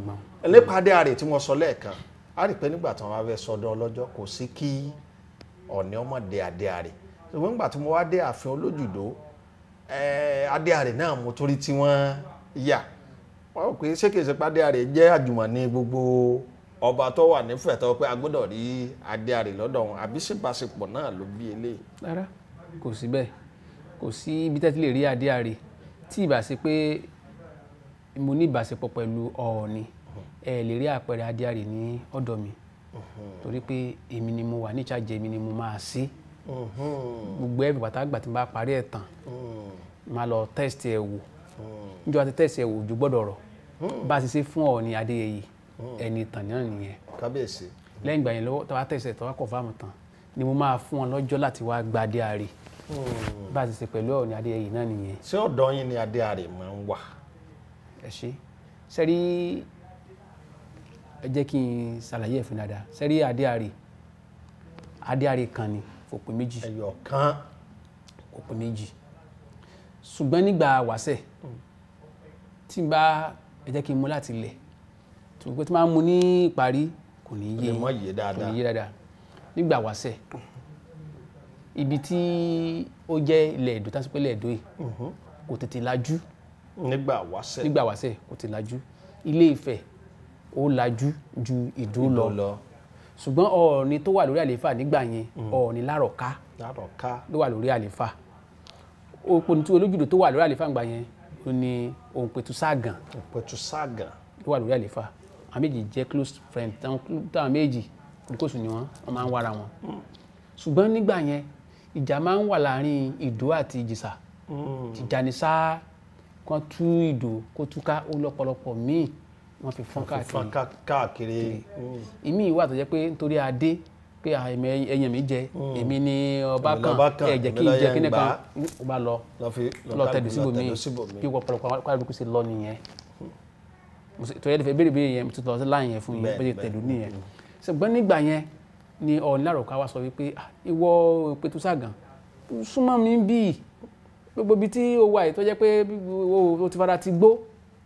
nípa dé àrè tí wọ́n sọ lẹ́ẹ̀kan a rí pé nígbà tí wọ́n bá fẹ́ sọdọ̀ ọlọ́jọ́ kò sí kí ọ̀ní ọmọ dé adé àrè ṣùgbọ́n nígbà tí mo wá dé ààfin olójúdó adé àrè náà mo torí tí wọ́n yà. Yeah wọn ò pé ṣé kìí ṣe pàdé àrè jẹ́ àjùmọ̀ní gbogbo ọba tó wà nífẹ̀ẹ́ tó pé a gbọ́dọ̀ rí adé àrè lọ́dọ̀ wọn àbí ṣèbáṣepọ̀ náà ló bí eléyìí. rárá kò sí bẹ́ẹ̀ kò sí ibi tẹ́tí lè rí adé àrè tí ìbá ṣe pé mo ní ìbáṣepọ̀ pẹ̀lú ọ̀ọ̀ni ẹ lè rí àpẹẹrẹ adé àrè ní ọ̀dọ̀ mi torí pé èmi ni mo wà ní ìṣàjẹ èmi ni mo máa sí gbogbo ẹ̀ bàtà àgbà tí mo bá parí ẹ̀ tán máa lọ test ẹ̀ wò Oh. níjọ́ àti tẹ̀sẹ̀ òjò gbọ́dọ̀ rọ̀ oh. bá a ṣe ṣe fún Ọọ̀ni Adéyẹyè oh. ẹni tàn náà nìyẹn. kábíyèsí. lẹ́yìn ìgbà yẹn lọ́wọ́ tàwa tẹ̀sẹ̀ tàwa kọ̀ fáàmù tán ni mo máa fún wọn lọ́jọ́ láti wá gba adé ààrẹ bá a ṣe ṣe pẹ̀lú Ọọ̀ni Adéyẹyè náà nìyẹn. ṣé ọ̀dọ̀ yín ni adé ààrẹ máa ń wà. ẹ ṣe sẹ́rí ẹ jẹ́ kí n ṣàlàyé ẹ̀fín dáadáa sẹ́rí adé ààrẹ adé ààrẹ kan ni kò pé méjì. ẹyọ kan. kò pé méjì ṣùgbọ́n nígbà wàṣẹ̀ tí n bá ẹ jẹ́ kí n mú láti lẹ̀ tó pé tí máa ń mu ní ìparí kò ní yé kò ní yé dáadáa nígbà wàṣẹ̀ ibi tí ó jẹ́ ilẹ̀ èdò tá a sọ pé ilẹ̀ èdò yìí mhm. kò tètè lajú nígbà wàṣẹ̀ kò tètè lajú ilé Ifẹ̀ ó lajú ju ìdó lọ ṣùgbọ́n ọ̀ọ̀ni tó wà lórí àlééfà nígbà yẹn mm. ọ̀ọ̀ni lárọ̀ká ló wà lórí àlééfà òpònútú olójúdò tó wà lórí àlefa ńgbà yẹn ó ní òǹpẹ̀tù ságàn òǹpẹ̀tù ságàn tó wà lórí àlefa àwọn méjì jẹ́ close friend táwọn méjì kòríkòsùn ni wọ́n wọ́n máa ń wára wọn hmm. ṣùgbọ́n nígbà yẹn ìjà máa ń wà láàrin ìdó àti ìjìṣà hmm. ìjà ni sáà kan tú ìdó kó túká ó lọ́pọ̀lọpọ̀ míì wọ́n fi fọ́n káàkiri hmm. ìmí ìwà tó jẹ́ pé nítorí adé pé ah, ẹyàn mi jẹ hmm. èmi ni ọba kan ẹ̀jẹ̀ kí n jẹ kí n kan ó bá lọ lọ tẹ̀dù síbò mi bí ọ̀pọ̀lọpọ̀ kwaribuku ṣe lọ nìyẹn tó yẹ fẹ́ béèrè béèrè yẹn tó lọ sí láàyè yẹn fún yẹn bó ṣe tẹ̀dù nìyẹn ṣùgbọ́n nígbà yẹn ni ọ̀nà àròká wa sọ wípé ah, ìwọ Petu Sagan súnmọ́ mi bíi gbogbo ibi tí o wà yìí tó jẹ́ pé o ti fara ti gbó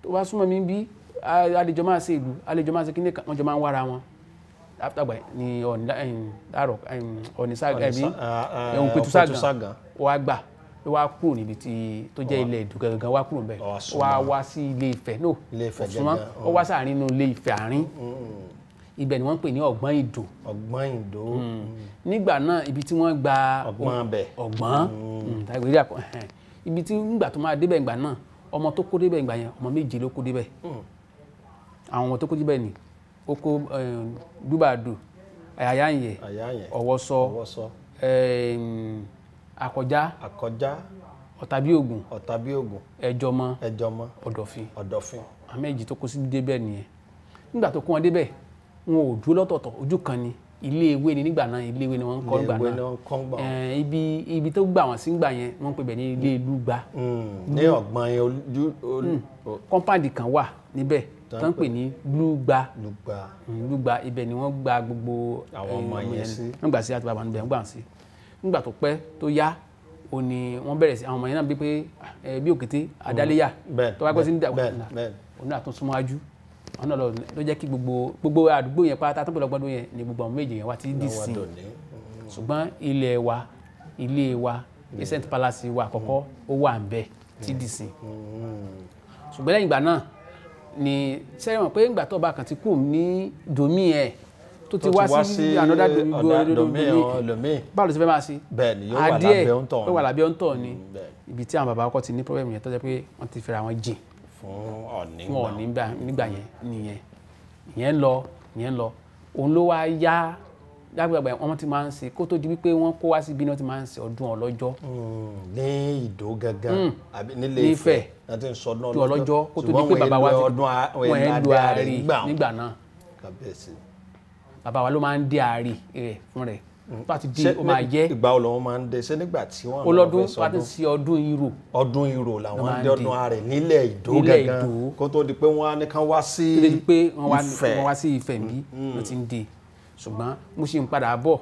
tó bá súnmọ́ mi bíi àlejò máa ṣe ìlú àlejò máa ṣe kíní kan wọ́n jọ máa ń wára wọn lápútàgbà ni ọ̀nìdàrọ̀ ọ̀nìsàgàn òpètùsàgàn wà gbà ló wá kúrò níbi tí tó jẹ́ ilẹ̀ ìdúgẹ̀ gangan wá kúrò bẹ́ẹ̀ wá wá sí ilé Ifẹ̀ náà ọ̀sùnmọ́ ó wá sáàrin inú ilé Ifẹ̀ àárín mm. ibẹ̀ ni wọ́n ń pè ní ọ̀gbọ́n ìdò. ọ̀gbọ́n ìdò. Mm. Mm. nígbà náà ibi tí wọ́n gba ọ̀gbọ́n abẹ ọ̀gbọ́n tàgbérí àkọ́ ibi tí nígbà tó máa débẹ̀ ìgbà náà ọmọ tó kó débẹ̀ ìgbà yẹn ọmọ méje ló kó débẹ̀ àwọn ọmọ tó kó débẹ̀ ni oko eh, dúbàdù àyáyẹ ọ̀wọ́sọ eh, àkọjá àkọjá ọ̀tàbí ògùn ọ̀tàbí ògùn ẹjọmọ ẹjọmọ ọ̀dọ̀fin ọ̀dọ̀fin àmẹ́jì tó kó sí débẹ̀ nìyẹn nígbà tó kó wọn débẹ̀ wọn ò dúró lọ́tọ̀ọ̀tọ̀ ojú kan ni ilé ewé ni nígbà náà ilé ewé ni wọ́n ń kọ́ nígbà náà eh, ibi ibi tó gbà wọ́n sí gbà yẹn wọ́n ń pè bẹ̀ ní ilé ìlú gba. Mm, ní ọ̀gbọ́n yẹn ojú. kọ́ńpáàdì hmm, kan wà níbẹ̀ tó ń pè ní gbúgba gbúgba hmm, ibẹ̀ ni wọ́n gba gbogbo àwọn ọmọ eh, yẹn sí wọ́n gbà sí àti bàbá níbẹ̀ wọ́n gbà sí nígbà tó pẹ́ tó yá ó ní wọ́n bẹ̀rẹ̀ sí àwọn ọmọ yẹn náà bí pé eh, bí òkété adáléyà tó wá pẹ́ sí nígbà òun náà tó súnmọ́ ajú wọn náà ló jẹ́ kí gbogbo gbogbo àdúgbò yẹn pátá tó ń pè lọ́gbọ́dún yẹn ni gbogbo àwọn méje yẹn wá ti dì sí ṣùgbọ́n ilẹ̀ wa ilé wa St Palace wa àkọ́kọ́ hmm. ó wà ń bẹ̀ ti dì sí hmm. ṣùgbọ́n lẹ́yìn ìgbà náà ni sẹ́yìn mọ̀ pé ńgbà tó bá kàn ti kù ní domi ẹ̀ tó ti wá sí another domi domi báwo ló ti fẹ́ máa ṣe bẹ́ẹ̀ni yóò wà lábẹ́ ọ̀ntọ̀ ni yóò wà lábẹ́ ọ̀ntọ̀ mm, ni ibi tí àwọn bàbá ọkọ ti ní problem yẹn tó jẹ́ pé wọ́n ti fẹ́ra wọn jìn fún ọ̀nì yẹn nìyẹn ìyẹn lọ ìyẹn lọ òun ló wá yá lágbàgbà wọn ti máa ń ṣe kó tó di wípé wọn kó wá sí ibi náà ti máa ń ṣe ọdún ọlọ́jọ́. Hmm, ní ìdó gangan hmm, àbí nílé Ifẹ̀ láti ń sọ ọdún ọlọ́jọ́ kó tó di pé bàbá wa ti wọn ẹ̀ lu ààrí nígbà náà bàbá wa ló máa ń dé ààrí rẹ̀ fún rẹ̀ hmm. tó àti di o máa jẹ ìgbà wo lọ́wọ́ máa ń dẹ ṣé nígbà tí wọ́n ọlọ́dún wàá ti ṣe ọdún irò ọdún irò làwọn dé ọdún ààrẹ nílẹ̀ ìdó gangan kó tó di pé wọ́n á ní kán wá sí Ifẹ̀ wọ́n wá sí Ifẹ̀ bí wọ́n ti ń dé ṣùgbọ́n mo ṣì ń padà bọ̀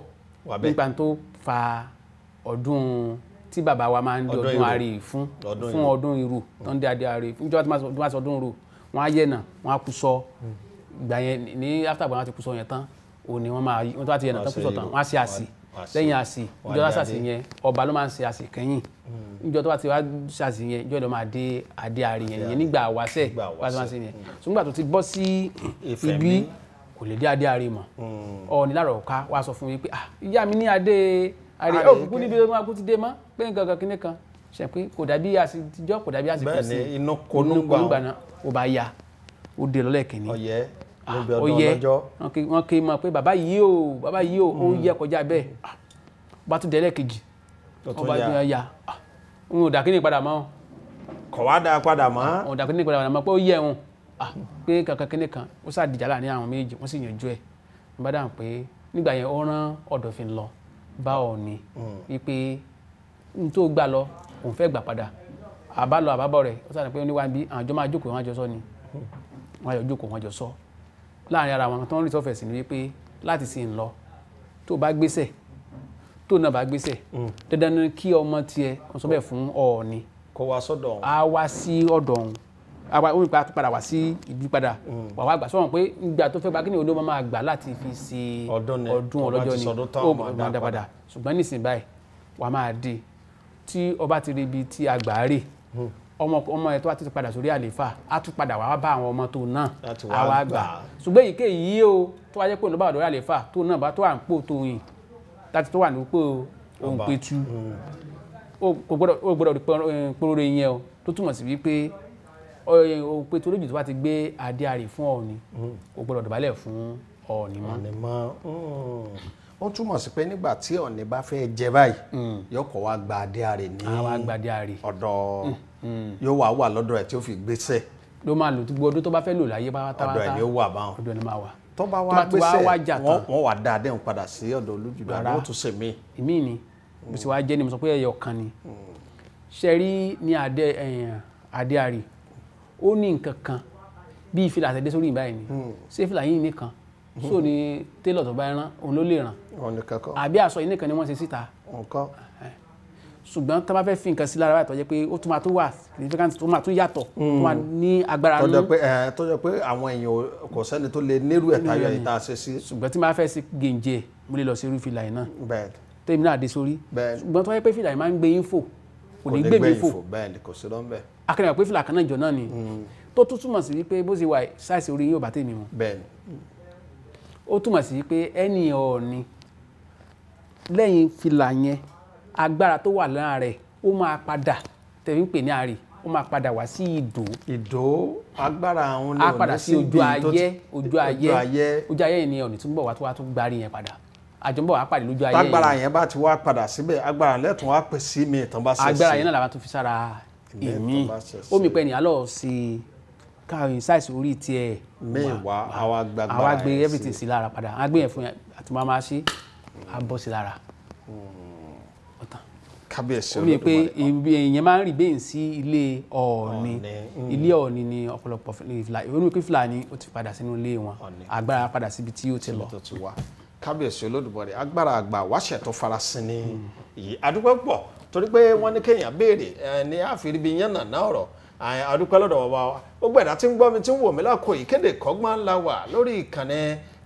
nípa tó fa ọdún tí bàbá wa máa ń di ọdún ààrẹ fún fún ọdún irú tó ń di adé ààrẹ fún ìjọba tó máa sọ ọdún irú wọn á yẹ̀nà wọn á kú sọ gbà yẹn ní after gbà wọn ti kú sọ yẹn tán òun ni wọn máa wọn tó bá ti yẹ̀nà tán kú sọ tán wọn á ṣe àsì lẹ́yìn àsì ìjọba sàsì yẹn ọba ló máa ń ṣe àsì kẹ́yìn ìjọ tó bá ti wá ṣàṣì yẹn ìjọ ìlọ máa dé adé ààrẹ yẹn nígbà wáṣẹ̀ wáṣẹ̀ yẹn kò lè dé adé ààrẹ mọ̀ hmm. ọ̀ọ́ni láàrọ̀ ká wàá sọ fún mi pé ah, ìyá mi ní adé ààrẹ òkùnkùn níbi tó máa kú ti dé mọ́ pé nǹkan kan kíní kan ṣe pé kò dàbí àtijọ́ kò dàbí àsìkò sí i inú konúgbà náà ó bá ya ó dé lọ́lẹ̀ kìíní ọ̀yẹ́ ọ̀yẹ́ wọ́n ké mọ̀ pé bàbá yìí o bàbá yìí o ó hmm. yẹ kọjá bẹ́ẹ̀ ah, bá tún délẹ̀ kejì ọba ìgbìyànjú ya ah, n ò dàkínì padà mọ́ kọ̀ wá dá padà mọ́ ò dàkínì padà mọ́ pé ó yẹ òun Ah, pé kankan kínní kan ó ṣàdìjà láàrin àwọn méjì wọ́n sì yanjú ẹ̀ ní bá dáhùn pé nígbà yẹn ó rán Ọ̀dọ̀fin lọ bá Ọọ̀ni hmm. wípé n tó gbà lọ òun fẹ́ gbà padà àbá lọ àbábọ̀ rẹ̀ ó sàdé pé ó ní wá bí àwọn àjọ máa jókòó wọn àjọ sọ ni wọn àjọ jókòó wọn àjọ sọ láàrin ara wọn tó ń rí sọfẹ̀sì ni wípé láti sìn lọ tó bá gbéṣẹ̀ tó náà bá gbéṣẹ̀ hmm. dandan ni kí ọmọ tiẹ̀ wọn sọ bẹ́ẹ̀ fún Ọọ̀ni kó wá sọ́dọ̀ ọ̀hún á wá sí ọ̀dọ̀ ọ̀hún àwa ó nípa padà wá sí ìlú padà mm. wà wá gbà sọ̀rọ̀ pé ìgbà tó fẹ́ gba kíni olóòmọ máa gbà láti fi ṣe ọdún ọlọ́jọ́ ni ó máa dá padà ṣùgbọ́n nísìnyí báyìí wà máa dé tí ọba ti rí ibi tí a gbà á rè hmm. ọmọ ọmọ ẹ tó wá ti padà sórí àlééfà á tún padà wá bá àwọn ọmọ tó náà àwa gbà ṣùgbọ́n èyíkéyìí o tó wáyé pé òun ló bá tó náà bá tó à ń pò tó yìn láti tó wà ní pò òun pé tu ó hmm. gbọ́dọ̀ eh, o tó túmọ̀ sí wípé Òpètólójì tó bá ti gbé adé àrè fún Ọọ̀ni kò hmm. gbọdọ̀ dọ̀bálẹ̀ fún Ọọ̀ni mọ́. Ọọ̀ni mọ́ hmm. ó túmọ̀ sí pé nígbà tí Ọọ̀ni bá fẹ́ jẹ báyìí hmm. yóò kọ́ wa gba adé àrè ní ọ̀dọ̀ yóò wá wà lọ́dọ̀ ẹ̀ tí ó fi gbéṣẹ́. ló máa lò gbogbo ọdún tó bá fẹ́ lò láyé pátápátá ọ̀dọ̀ ẹ̀ ni ó wà báwọn ọ̀dọ̀ ẹ̀ ni máa wà tó bá wá gbèsè wọn wà dá adéhùn padà sí ọ̀dọ̀ olójúdọ àbúrò tó ṣe mí. èmi ni mo sì wá jẹ́ ni mo sọ pé ẹ̀yọ̀ kan ni ṣe rí ní adé àrí eh, ó ní nǹkan kan bíi fìlà àtẹ̀dé sórí ìbáyìí ni hmm. ṣé fìlà yìí nìkan so ni télọ̀ tó bá rán òun ló lè rán àbí aṣọ yìí nìkan ni wọ́n ṣe síta ṣùgbọ́n tó bá fẹ́ fi nǹkan sí lára báyìí tó jẹ́ pé ó tún máa tún wà significant tó máa tún yàtọ̀ tó máa hmm. ní agbára nínú. tó jẹ́ pé àwọn èèyàn kò sẹ́ni tó lè nírú ẹ̀ tayọ ìta ṣe sí. ṣùgbọ́n tí máa fẹ́ sí gèǹjẹ mo lè lọ sí irú fìlà yìí náà tèmi náà dé sórí ṣùgbọ́n tó wáyé pé fìlà yìí máa ń gbé yín kò ní gbèmí fò akẹ́rẹ́ pé fìlà kan náà jọ náà ni mm. tó tún túmọ̀ sí wípé bó ṣe wà ṣáìsì orí yóò bá tèmi mu ó túmọ̀ sí wípé ẹnì ọ̀ọ́ni lẹ́yìn fìlà yẹn agbára tó wà lára rẹ̀ ó máa padà tẹ̀mí pè ní àárẹ̀ ó máa padà wá sí ìdó. ìdó agbára àwọn lè wọ́n sí ibi tó ti ojú ayé ojú ayé ojú ayé ni ọ̀nì tó ń bọ̀ wá tó wá tó gbarí yẹn padà àjọmbọ̀ wàá pàdé lójú ayé yìí tágbára yẹn bá ti wá padà síbẹ̀ agbára lẹ́tùn wá pè sí mi ìtàn bá ṣe sí agbára yẹn náà làwọn tún fi sára èmi omi pẹ́ nìyà sí káwọn ṣáìsì orí tiẹ̀ mẹ́wàá àwa gbàgbà àwa gbé everything sí lára padà àwa gbé yẹn fún yẹn àti máa máa ṣe á bọ́ sí lára hmm. ọ̀tàn kábíyèsí olódùmarè omi pé èèyàn máa ń rí bẹ́ẹ̀ sí ilé ọ̀ọ̀ni hmm. ilé ọ̀ọ̀ni ni ọ̀pọ̀lọpọ̀ omi pé fúlàní ó ti padà sínú ilé wọn agbára padà síbi tí ó ti lọ kábíyèsí olódùmarè agbára àgbà wáṣẹ tó farasin ni yìí adúpẹ́ pọ̀ torí pé wọ́n ní kéèyàn béèrè ní àfihàn ibi yànnà náà ọ̀rọ̀ adúpẹ́ lọ́dọ̀ bàbá wa ó gbẹ̀dá tí ń gbọ́ mi tí ń wò mí lákò ìkéde kọ́gbọ́n ńlá wà lórí ìkànnì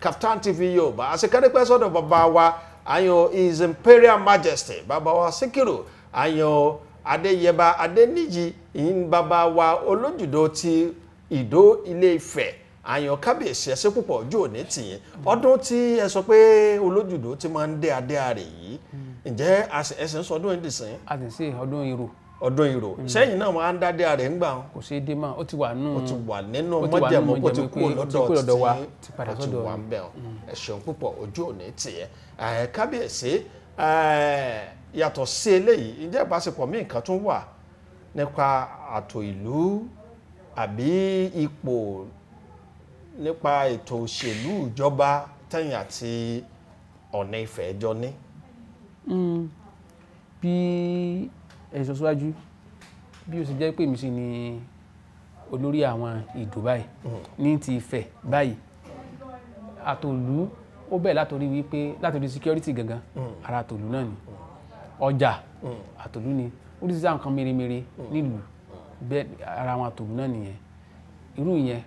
Kaftan TV Yorùbá àṣekádépẹ́ sọ́dọ̀ bàbá wa àyàn His Imperial Majesty bàbá wa Síkírù àyàn Adéyẹba Adéníyì ìyìn bàbá wa olójúdó ti Ìdó Ilé Ifẹ̀ àyàn kábíyèsí ẹsẹ púpọ̀ ojú òní tì yín ọdún tí ẹ sọ pé olójúdó ti máa ń dé adé ààrẹ yìí ǹjẹ́ ẹsẹ ń sọ ọdún yìí dìsín. a sì ṣe ọdún irò. ọdún irò mm. sẹ́yìn náà máa ń dádé ààrẹ ń gbà. kò ṣe é dé mọ́ ó ti wà nínú ó ti wà nínú mọ́jẹ̀mọ́ kó ti kú lọ́dọ̀ wa ti padà sọ́dọ̀ wa ń bẹ̀ ọ́ ẹ púpọ̀ ojú òní tì yẹ kábíyèsí yàtọ̀ sí eléyìí ǹjẹ́ ìbáṣepọ̀ míì kan tún wà nípa àtò ìlú àbí ipò nípa ètò òṣèlú ìjọba tẹ̀yìn àti ọ̀nà ìfẹ́ jọ ní. Hmm. bí ẹ sọ síwájú bí o sì jẹ́ pé mi sì ni olórí àwọn ìdò báyìí hmm. ní ti Ifẹ̀ báyìí àtòlú ó bẹ̀ látòrí wípé látòrí security gangan hmm. ara àtòlú náà ni ọjà àtòlú ni oríṣiríṣi àwọn kan mèremère nílùú bẹ́ẹ̀ ara àwọn àtòlú náà nìyẹn irú yẹn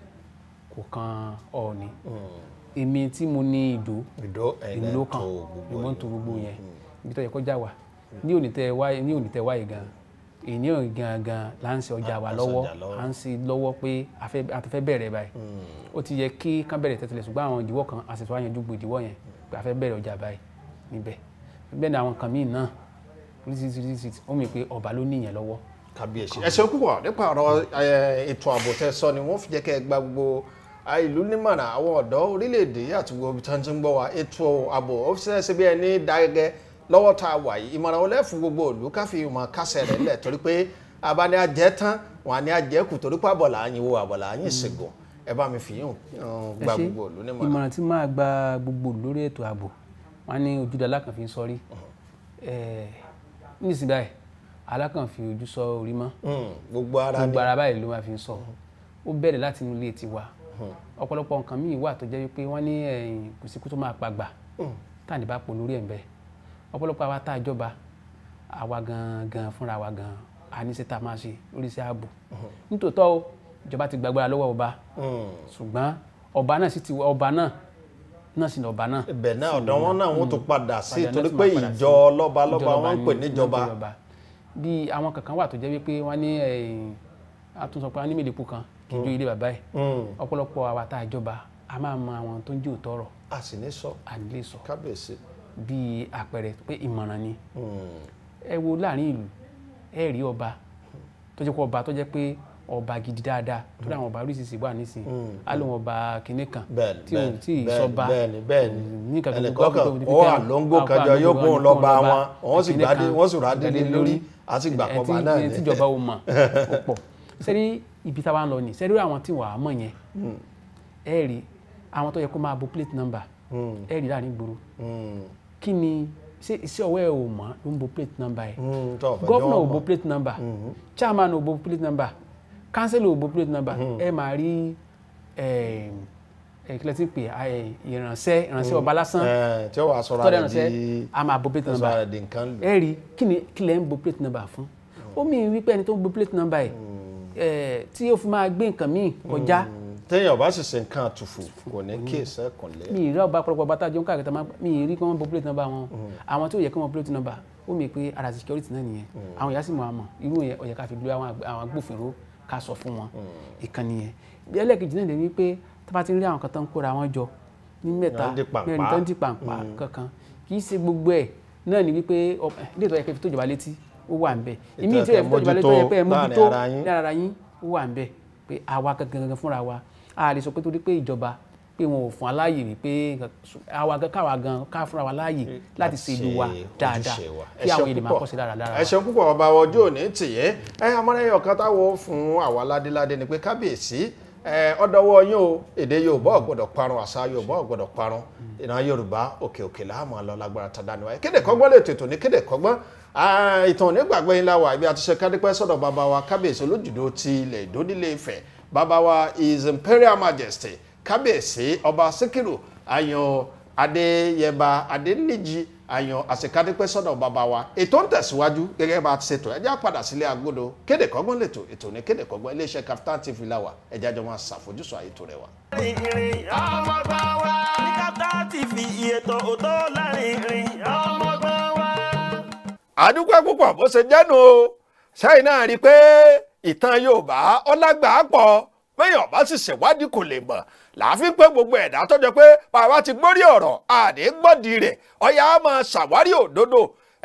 kò kan ọ̀ọ̀ni hmm. èmi tí mo ní ìdó èmi ló kàn èmi ń to gbogbo yẹn hmm. ibi tó yẹ kó já wa hmm. ní òní tẹ wá ní òní tẹ wá yìí gan èyí ò gangan là ń ṣe ọjà wa lọ́wọ́ à ń ṣe lọ́wọ́ pé a ti fẹ́ bẹ̀rẹ̀ báyìí ó ti yẹ kí kán bẹ̀rẹ̀ tẹ̀tẹ̀lẹ̀ ṣùgbọ́n àwọn ìdíwọ́ kan àṣìṣe wa yanjú gbogbo ìdíwọ́ yẹn pé a fẹ́ bẹ̀rẹ̀ ọjà báyìí níbẹ̀ bẹ́ẹ̀ ni àwọn kan míì náà ó mì pé ọba ló níyẹn lọ́wọ́. kàbíyèsí ẹ ṣeun púpọ̀ nípa ọ̀rọ̀ ètò ààbò tẹ sọ ni wọ́n fi jẹ́ kẹ́ ẹ gba gbogbo ìlú nímọ̀ràn àwọn ọ̀dọ́ orílẹ̀-èdè àtúgbò tó ń ẹni lọ́wọ́ a wà yìí ìmọ̀ràn olè fún gbogbo ìlú káfí ìmọ̀ kásẹ̀ rẹ̀ lẹ̀ torí pé abani ajẹ́ tán wọn ni ajẹ́ kù torí pé àbọ̀là yín wo àbọ̀là yín ṣègùn ẹ bá mi fi yún gba gbogbo ìlú nímọ̀ràn. ìmọ̀ràn tí máa gba gbogbo ìlú lórí ètò ààbò wọn ní fi ọ̀pọ̀lọpọ̀ nǹkan míì wà tó jẹ́ wípé wọ́n ní kò sí kú tó máa pàgbà hmm. táàní bá pò lórí ẹ̀ ń bẹ́ ọ̀pọ̀lọpọ̀ àwa tá a jọba àwa gangan fúnra wa gan a ní sí ta máa ṣe lórí iṣẹ́ ààbò hmm. nítòótọ́ o ìjọba ti gbàgbára lọ́wọ́ ọba hmm. ṣùgbọ́n ọba náà sì ti ọba náà náà sì ní ọba náà. ibẹ̀ náà ọ̀dọ̀ wọn náà wọ́n tún padà sí torí pé ìjọ lọ́ba lọ́ba wọ́n ń pè níjọba. bí àwọn kankan wà tó jẹ́ wípé wọ́n ní àtúnṣọpọ̀ anímìlẹ́kù kan kì í ju ilé bàbá ẹ̀ mm. ọ̀pọ̀lọpọ̀ àwa tá a jọba a máa mọ àwọn tó ń jẹ́ òótọ́ ọ̀rọ̀ a sì ní sọ a lè sọ kábíyèsí bíi àpẹẹrẹ pé ìmọ̀ràn ni mm. ẹ wo láàrin ìlú ẹ rí ọba tó jẹ́ pé ọba tó jẹ́ pé ọba gidi dáadáa tó dáwọn ọba oríṣiríṣi wà nísìnyí á mm. lóun ọba kinní kan tí òun tí ì sọba ní kankan kọ́kọ́ ó àlóńgbò kájọ yóò bóun lọ́ba wọn wọ́n sì gbádé wọ́n sì rà délé lórí àti ìgbà kan bá náà ní. tíjọba ò mọ̀ ó pọ̀ sẹ́ni ibi tá a wá ń lọ nì sẹ́rí àwọn tí wàá mọ̀ yẹn hmm. ẹ rí àwọn tó yẹ kó máa bo plate number hmm. ẹ rí láàrin gbòòrò hmm. kí ni ṣé iṣẹ́ ọwọ́ ẹ ò mọ̀ ló ń bo plate number ẹ gọ́vnà ò bo plate number chairman ò bo plate number council ò bo plate number ẹ máa rí ehm, kílẹ̀ tí ń pè ìrànṣẹ́ ìrànṣẹ́ ọba lásán tí ó a máa bo plate number ẹ rí kí ni kílẹ̀ ń bo plate number fún ó mì wípé ẹni tó ń bo plate number ẹ tí ó fi máa gbé nǹkan míì kọjá. Hmm. téèyàn bá sì ṣe nǹkan àtùfù kò ní kí èsẹ́ hmm. kànlẹ́. mi ìrí ọba pọ̀lọpọ̀ bàtà jẹun káàkiri tán mi ìrí kí wọ́n bọ plate number wọn hmm. àwọn tí ò yẹ kí wọ́n plate number ó mi pé ara security náà nìyẹn àwọn ìyá sì mọ àmọ́ irú yẹn ó yẹ ká fi gbé àwọn agbófinró ká sọ fún wọn ìkànnì yẹn bí ẹlẹ́ẹ̀kejì náà lè ní pé tá a bá ti rí àwọn kan tó ń kóra wọn jọ ní mẹ́ta mẹ́rin tó ń di pàǹpà kankan kì í ṣe gbogbo ẹ̀ náà ni wípé ilé ìtọ́jà kẹfì tó jọba létí ó wà ńbẹ̀ ìmí tí ẹ̀ fọ́jú balẹ̀ tó yẹ pé ẹ̀ mójútó lára yín ó wà ńbẹ̀ pé àwa gangan fúnra wa a lè sọ pé torí pé ìjọba pé wọn ò fún aláàyè wípé àwa gan káwa gan ká fúnra wa láàyè láti ṣe ìlú wa dáadáa kí àwọn èdè máa kọ́ sí dáradára. ẹ ṣeun púpọ̀ ọba ọjọ́ òní tìyẹ́ ẹ amọ́nẹ́yọ̀ kan táwọn fún àwa ládéládé ni pé kábíyèsí ọdọwọ yín o èdè yorùbá ọgbọ́dọ̀ parun àṣà yorùbá ọgbọ́dọ̀ parun mm. ìran yorùbá òkè òkè láàmú àlọ tàdánù wáyé kéde kọ́gbọ́n lè tètò ní kéde kọ́gbọ́n ìtàn onígbàgbé ńlá wa ibi àtiṣe kádípẹ́ sọ̀dọ̀ bàbá wa kábíyèsí olójúdó ti ilẹ̀ ìdónílé Ifẹ̀ bàbá wa is imperial majesty kábíyèsí ọba síkírù ayọ̀ adéyẹba adéníjì ayọ̀ àṣekádípẹ́ sọ̀dọ̀ bàbá wa ètò ń tẹ̀síwájú gẹ́gẹ́ bá a ti ṣètò ẹjẹ́ àpàdà sílé agodo kéde kọ́gbọ́n lètò ètò ní kéde kọ́gbọ́n iléeṣẹ́ Kaftan TV láwà ẹjẹ́ àjọ máa ṣàfojúsùn àyètò rẹwà. ìrìn ọmọ bá wa ní Kaftan TV ìyètò òtó láàrin ìrìn ọmọ. àdúgbò púpọ̀ bó ṣe jẹ́nu o ṣẹ́yìn náà rí i pé ìtàn Yorùbá ọlágbà pọ̀ bẹ́yàn ọ̀bá sì ṣèwádìí kò lè mọ̀ láàfin pé gbogbo ẹ̀dá tó jẹ́ pé bàbá ti gbórí ọ̀rọ̀ àdé rẹ̀ ọ̀yà á máa ṣàwárí òdodo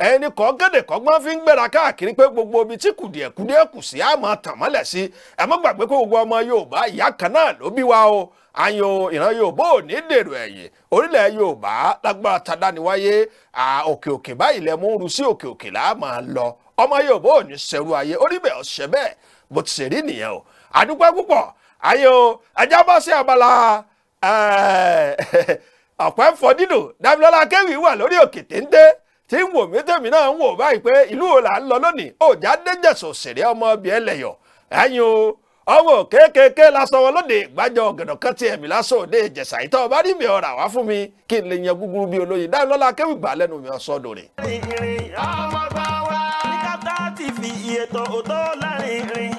ẹni kan gẹ́dẹ̀ gbọ́n fi ń gbéra káàkiri pé gbogbo omi tí kùdìẹ̀kùdìẹ̀ kù sí á máa tàn mọ́lẹ̀ sí ẹ má pé gbogbo ọmọ Yorùbá ìyá kan náà ló bí wa o àyàn ìran yorùbá ò ní dèrò ẹ̀yìn orílẹ̀ yorùbá lágbára tadániwáyé òkè òkè báyìí lẹ mú un ru sí òkè òkè là máa lọ ọmọ yorùbá ò ní ṣerú ayé orí bẹ́ẹ̀ ọ̀sẹ̀ bẹ́ẹ̀ bó ti ṣe rí nìyẹn o àdúpẹ́ púpọ̀ àyàn ẹja bá sí abala ọ̀pẹ́ fọ dídùn dábìlọ́lá kéwì wà lórí òkè téńté tí ń wò mí tèmi náà ń wò báyìí pé ìlú wo là ń lọ lónìí òjá déjẹsọ òṣèré ọmọ ọbẹ ẹlẹyọ ẹyin o ọwọ́ kéékèèké lásọwọ́ lóde ìgbàjọ ọ̀gẹ̀dọ̀ kan ti ẹ̀mí lásọ òde ìjẹ̀sà ìtọ́ ọba rí mi ọ̀rà wá fún mi kí n lè yan gúgúrú bí olóyè dáńlọ́lá akéwì gbà lẹ́nu mi ọ̀sọ́dọ̀ rẹ̀. ìrìn ọmọ bá wá ní kápá ti fi ìyẹ̀tọ̀ òtó láàrin ìrìn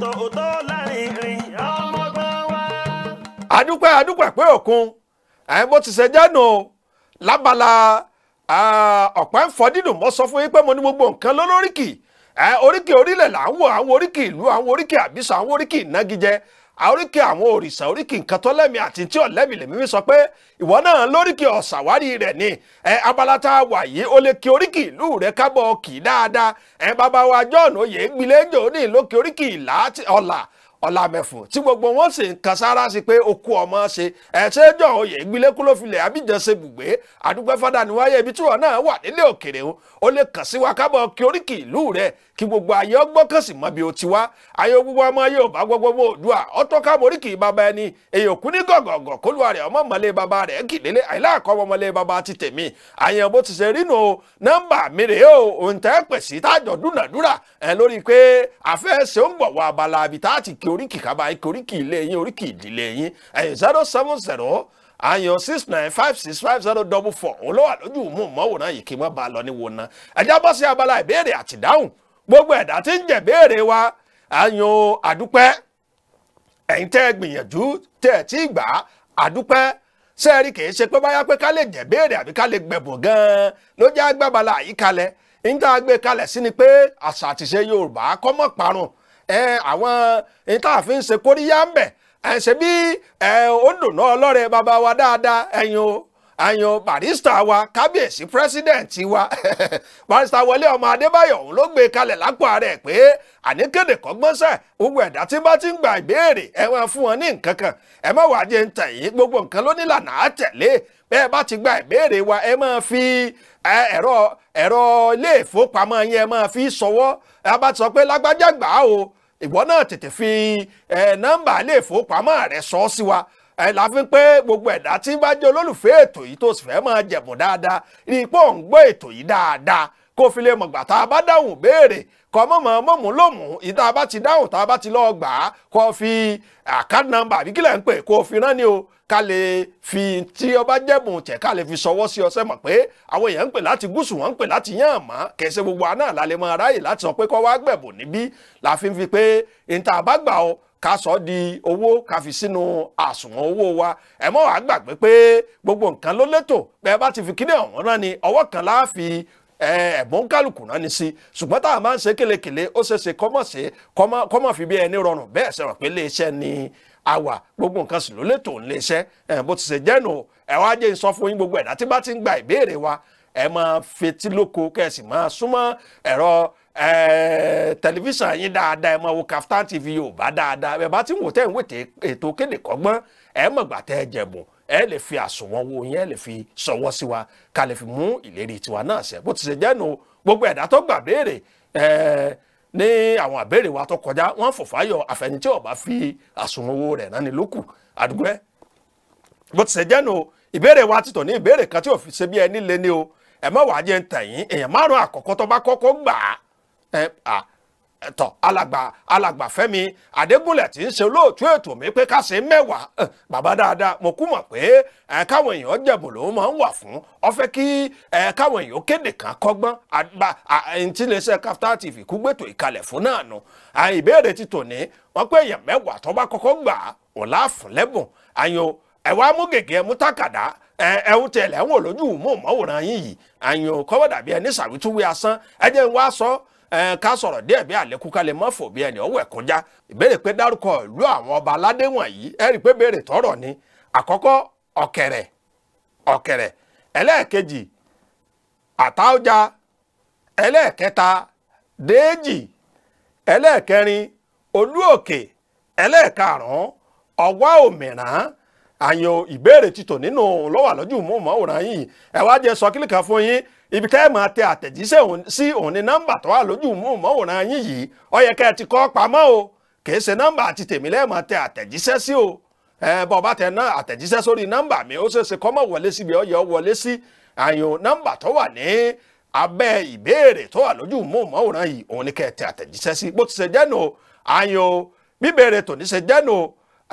ètò òtó lárinrin ọmọgbọ́n wa. àdúpẹ́ àdúpẹ́ pé òkun ẹ̀ bó ti ṣe jánu lábala ọ̀pẹ́ ń fọ́ dídùn mọ́ sọ fún yín pé mo ní gbogbo nǹkan lólóríkì oríkì orílẹ̀ là ń wò àwọn oríkì ìlú àwọn oríkì àbísọ̀ àwọn oríkì ìnagijẹ àoríkì àwọn òrìṣà oríkì nǹkan tó lẹ́mí àti tí ọ̀lẹ́mí lèmi sọ pé ìwọ náà lóríkì ọ̀sàwárí rẹ̀ ni ẹ abala tá a wà yìí ó lè kí oríkì ìlú rẹ̀ kábọ̀ kì í dáadáa ẹ bàbá wa John oyè gbilẹ́jọ́ ní ìlókè ìlà ọlámẹfùn tí gbogbo wọn sì ń kan sára sí pé okú ọmọ ṣe ẹṣẹ jọ òye gbilékú ló filẹ àbíjọsẹ bùgbé àdúgbẹ fada níwáyé ibi tí wọn náà wà nílé òkèrè o ó lè kàn sí wa kábọ kí oríkì ìlú rẹ kí gbogbo ayé ọgbọ́n kàn sí mọ bí o ti wá ayé gbogbo ọmọ Yorùbá gbogbo ọmọ Oòduà ọtọ́ ká moríkì bàbá ẹni èyí òkú ní gọ̀gọ̀gọ̀ kólúwa rẹ̀ ọmọ mọ̀lẹ́ bàbá rẹ̀ kìlélẹ̀ àìláàkọ́ ọmọ mọ̀lẹ́ bàbá ti tèmi àyàn bó ti ṣe rínu o nọ́mbà mi rèé o òǹtẹ́ pèsè tájọ dúnàdúrà ẹ̀ lórí pé àfẹ́ ń bọ̀ wọ abala àbí tá a ti kí oríkì kábà ikọ̀ oríkì ilé yín oríkì ìdílé yín ẹ̀yìn zero seven zero ayọ̀ six nine five six five zero double four òun lójú mú yìí kí wọ́n bá lọ ní wo abala ìbéèrè àtìdáhùn gbogbo ẹ̀dá tí ń jẹ̀béèrè wa ayọ̀ àdúpẹ́ ẹ̀yin tẹ́ ẹ gbìyànjú tẹ́ ẹ tí ì gbà àdúpẹ́ sẹ́ẹ̀rì kìí ṣe pé báyá pé ká lè jẹ̀béèrè àbí ká lè gbẹ̀bùn àwọn níta fi ń ṣe kóríyá ń bẹ̀ ẹ ṣe bí ẹ ó bàbá wa dáadáa ẹ̀yin o àyàn barista wa kábíyèsí president wa barista wọlé ọmọ adébáyọ̀ òun ló gbé e kalẹ̀ lápò ààrẹ pé gbogbo ẹ̀dá tí ti ń gba ìbéèrè ẹ máa fún wọn ní nǹkan kan gbogbo nǹkan ló nílànà á tẹ̀lé bẹ́ẹ̀ gba ìbéèrè wa ẹ fi ẹ̀rọ ilé ìfowópamọ́ yẹn fi sọwọ́ ẹ sọ pé lágbájá o ìwọ náà tètè fi nọ́mbà ilé ìfowópamọ́ rẹ sọ sí wa ẹ la fi pé gbogbo ẹ̀dá tí bá jẹ́ olólùfẹ́ ètò yìí tó sì fẹ́ máa jẹ̀bùn dáadáa rí i pé ò ń gbọ́ ètò yìí dáadáa kó fi lè mọ̀gbà tá a bá dáhùn béèrè kọ́ mọ̀mọ́ mọ̀mú lòmù ìta bá ti dáhùn tá a bá ti lọ́ọ́ gbà á kó fi àkáǹtì nọ́mbà àbí ń pè kó fi rán ni o ká lè fi tí ọba jẹ́bùn tẹ̀ ká lè fi sọwọ́ sí ọsẹ́ mọ̀ pé àwọn èèyàn ń pè láti gúúsù wọn ń pè láti yàn mọ́ kẹsẹ̀ gbogbo àná lálẹ́ mọ́ aráyè láti sọ pé kọ́ wá gbẹ̀bùn níbí la fi ń fi pé níta àbágbà ọ ká sọ di owó ká fi sínú àsùnwọ̀n owó wa ẹ mọ́ wàá gbàgbé pé gbogbo nǹkan ló létò bẹ́ẹ̀ bá ti fi kíní ọ̀hún rán ni ọwọ́ kan la fi ẹ̀bùn kálukú náà ní sí ṣùgbọ́n tá máa ń ṣe kélekèle ó ṣeéṣe kọ́mọ̀ ṣe kọ́mọ̀ fi bí ẹni rọrùn bẹ́ẹ̀ ṣe rò pé iléeṣẹ́ ni àwà gbogbo nǹkan sì ló lẹ́tọ̀ ń léṣẹ́ bó ti ṣe jẹ́ nù ẹ̀ wá jẹ́ ìsọ fún yín gbogbo ẹ̀dá tí bá ti ń gba ìbéèrè wa ẹ̀ máa fetí lóko kẹ́sì máa súnmọ́ ẹ̀rọ tẹlifíṣàn yín dáadáa ẹ máa wo Kaftan TV Yorùbá dáadáa ẹ bá ti ń wò tẹ́ ń wètè ètò Kéde Kọ́gbọ́n ẹ mọ̀gbà tẹ́ ẹ jẹ̀bùn ẹ lè fi àsùnwọ̀n wo yẹn lè fi sọwọ́ sí wa ká lè fi mú ìlérí tiwa náà ṣẹ bó ti ṣe jẹ́ gbogbo ẹ̀dá tó gbà béèrè ní àwọn àbẹ̀rẹ̀ wa tó kọjá wọ́n fòfáyọ̀ àfẹnití ọ̀bá fi àsùnwọ̀n owó rẹ̀ náà ní lókù àdúgbẹ́ bó ti ṣe jẹ́ ìbéèrè wa ti tọ̀ ní ìbéèrè kan tí ò ṣe bí ẹni lé ní o ẹ̀ mọ́ wàá jẹ́ ń tẹ̀yìn èèyàn márùn-ún àkọ́kọ́ tó bá kọ́kọ́ gbà á ẹ̀tọ́ alàgbà alàgbà Fẹ́mi Adégúnlẹ̀ tí ń ṣe olóòtú ètò mi pé ká ṣe mẹ́wàá bàbá dáadáa mo kú mọ̀ pé káwọn èèyàn jẹ̀bùn lòun máa ń wà fún ọ fẹ́ kí káwọn èèyàn kéde kan kọ́gbọ́n àti iléeṣẹ́ Kaftan TV kú gbètò ìkalẹ̀ fún náà nù ìbéèrè ti tò ní wọ́n pé èèyàn mẹ́wàá tó bá kọ́kọ́ gbà ọ̀ láàfún lẹ́bùn àyàn ẹ̀wà mú gègé ẹ̀mú tákàdá ẹ̀hún tẹ̀lẹ̀ ń wò lójú mọ́ mọ́wòrán yín yìí àyàn kọ́wọ́ dàbí ẹni sàrútúwé asán ẹ ń wá sọ ká sọ̀rọ̀ díẹ̀ bí àlékún ká lè mọ́ fò bí ẹni ọwọ́ ẹ̀ kọjá ìbéèrè pé dárúkọ ìlú àwọn ọba aládé wọ̀nyí ẹ rí tọrọ ni àkọ́kọ́ ọ̀kẹ̀rẹ̀ ọ̀kẹ̀rẹ̀ ẹlẹ́ẹ̀kejì atauja ẹlẹ́ẹ̀kẹta déèjì ẹlẹ́ẹ̀kẹrin olúòkè ẹlẹ́ẹ̀karùn-ún ọwá àyàn ìbéèrè títò nínú lọ́wọ́ àlọ́jù mọ́wòrán yìí ẹ wá jẹ́ sọ kílíkà fún yín ibi ká ẹ máa tẹ àtẹ̀jíṣẹ́ sí òun ní nọ́mbà tó wà lójú mọ́wòrán yín yìí ó yẹ ká ẹ ti kọ́ pamọ́ o kì í ṣe nọ́mbà àti tèmi lẹ́ẹ̀ máa tẹ àtẹ̀jíṣẹ́ sí o ẹ bọ́ bá tẹ ná àtẹ̀jíṣẹ́ sórí nọ́mbà mi ó ṣeéṣe kó má wọlé síbi ó yẹ ó wọlé sí àyàn nọ́mbà tó wà ní abẹ́ ìbéèrè tó wà lójú mọ́wòrán yìí òun ní ká ẹ tẹ àtẹ̀jíṣẹ́ sí bó ti ṣe jẹ́nu àyàn bíbèrè tòní ṣe jẹ́nu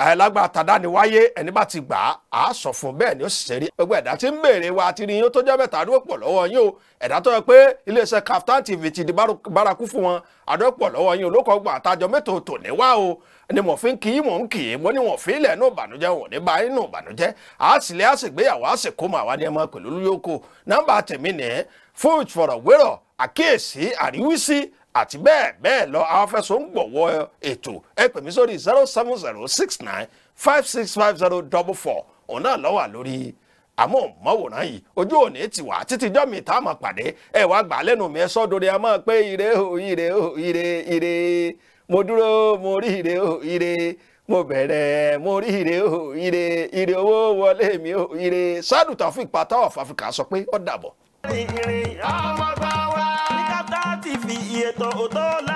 àìlágbà àtàdá ni wáyé ẹni bá ti gbà á sọ fún bẹ́ẹ̀ ni ó sì ṣe gbogbo ẹ̀dá tí ń béèrè wa àti ríyìn tó jẹ́ mẹ́ta àdúrópọ̀ lọ́wọ́ yín o ẹ̀dá tó yẹ pé iléeṣẹ́ Kaftan TV ti di bárakú fún wọn àdúrópọ̀ lọ́wọ́ yín o ló kọ́ gbọ́n àtàjọ mẹ́ta ò tò ní wá o ni mò ń fi kì í mò ń kì í mo ní wọ́n fi ilẹ̀ inú ìbànújẹ́ wọn ní báyìí inú ìbànújẹ́ àásìlẹ̀ àsìgbéyàwó àsìkómọ àwa ni ẹ máa pẹ̀lú olúyókò nọ́mbà tèmi nìyẹn fún ìfọ̀rọ̀wérọ̀ àkíyèsí àríwísí àti bẹ́ẹ̀ bẹ́ẹ̀ lọ àwọn afẹ́sọ̀ ń gbọ̀wọ́ ètò ẹ pè mí sórí zero seven zero six nine five six five zero double four òun náà lórí amóhùnmáwòrán yìí ojú òní ti wà títí jọ́mi pàdé ẹ gbà lẹ́nu mi a máa pé ire o ire ire ire mo dúró mo rí ire o ire mo bẹ̀rẹ̀ ire o ire ire owó wọlé ire of sọ pé ọ dàbọ̀. तो उतार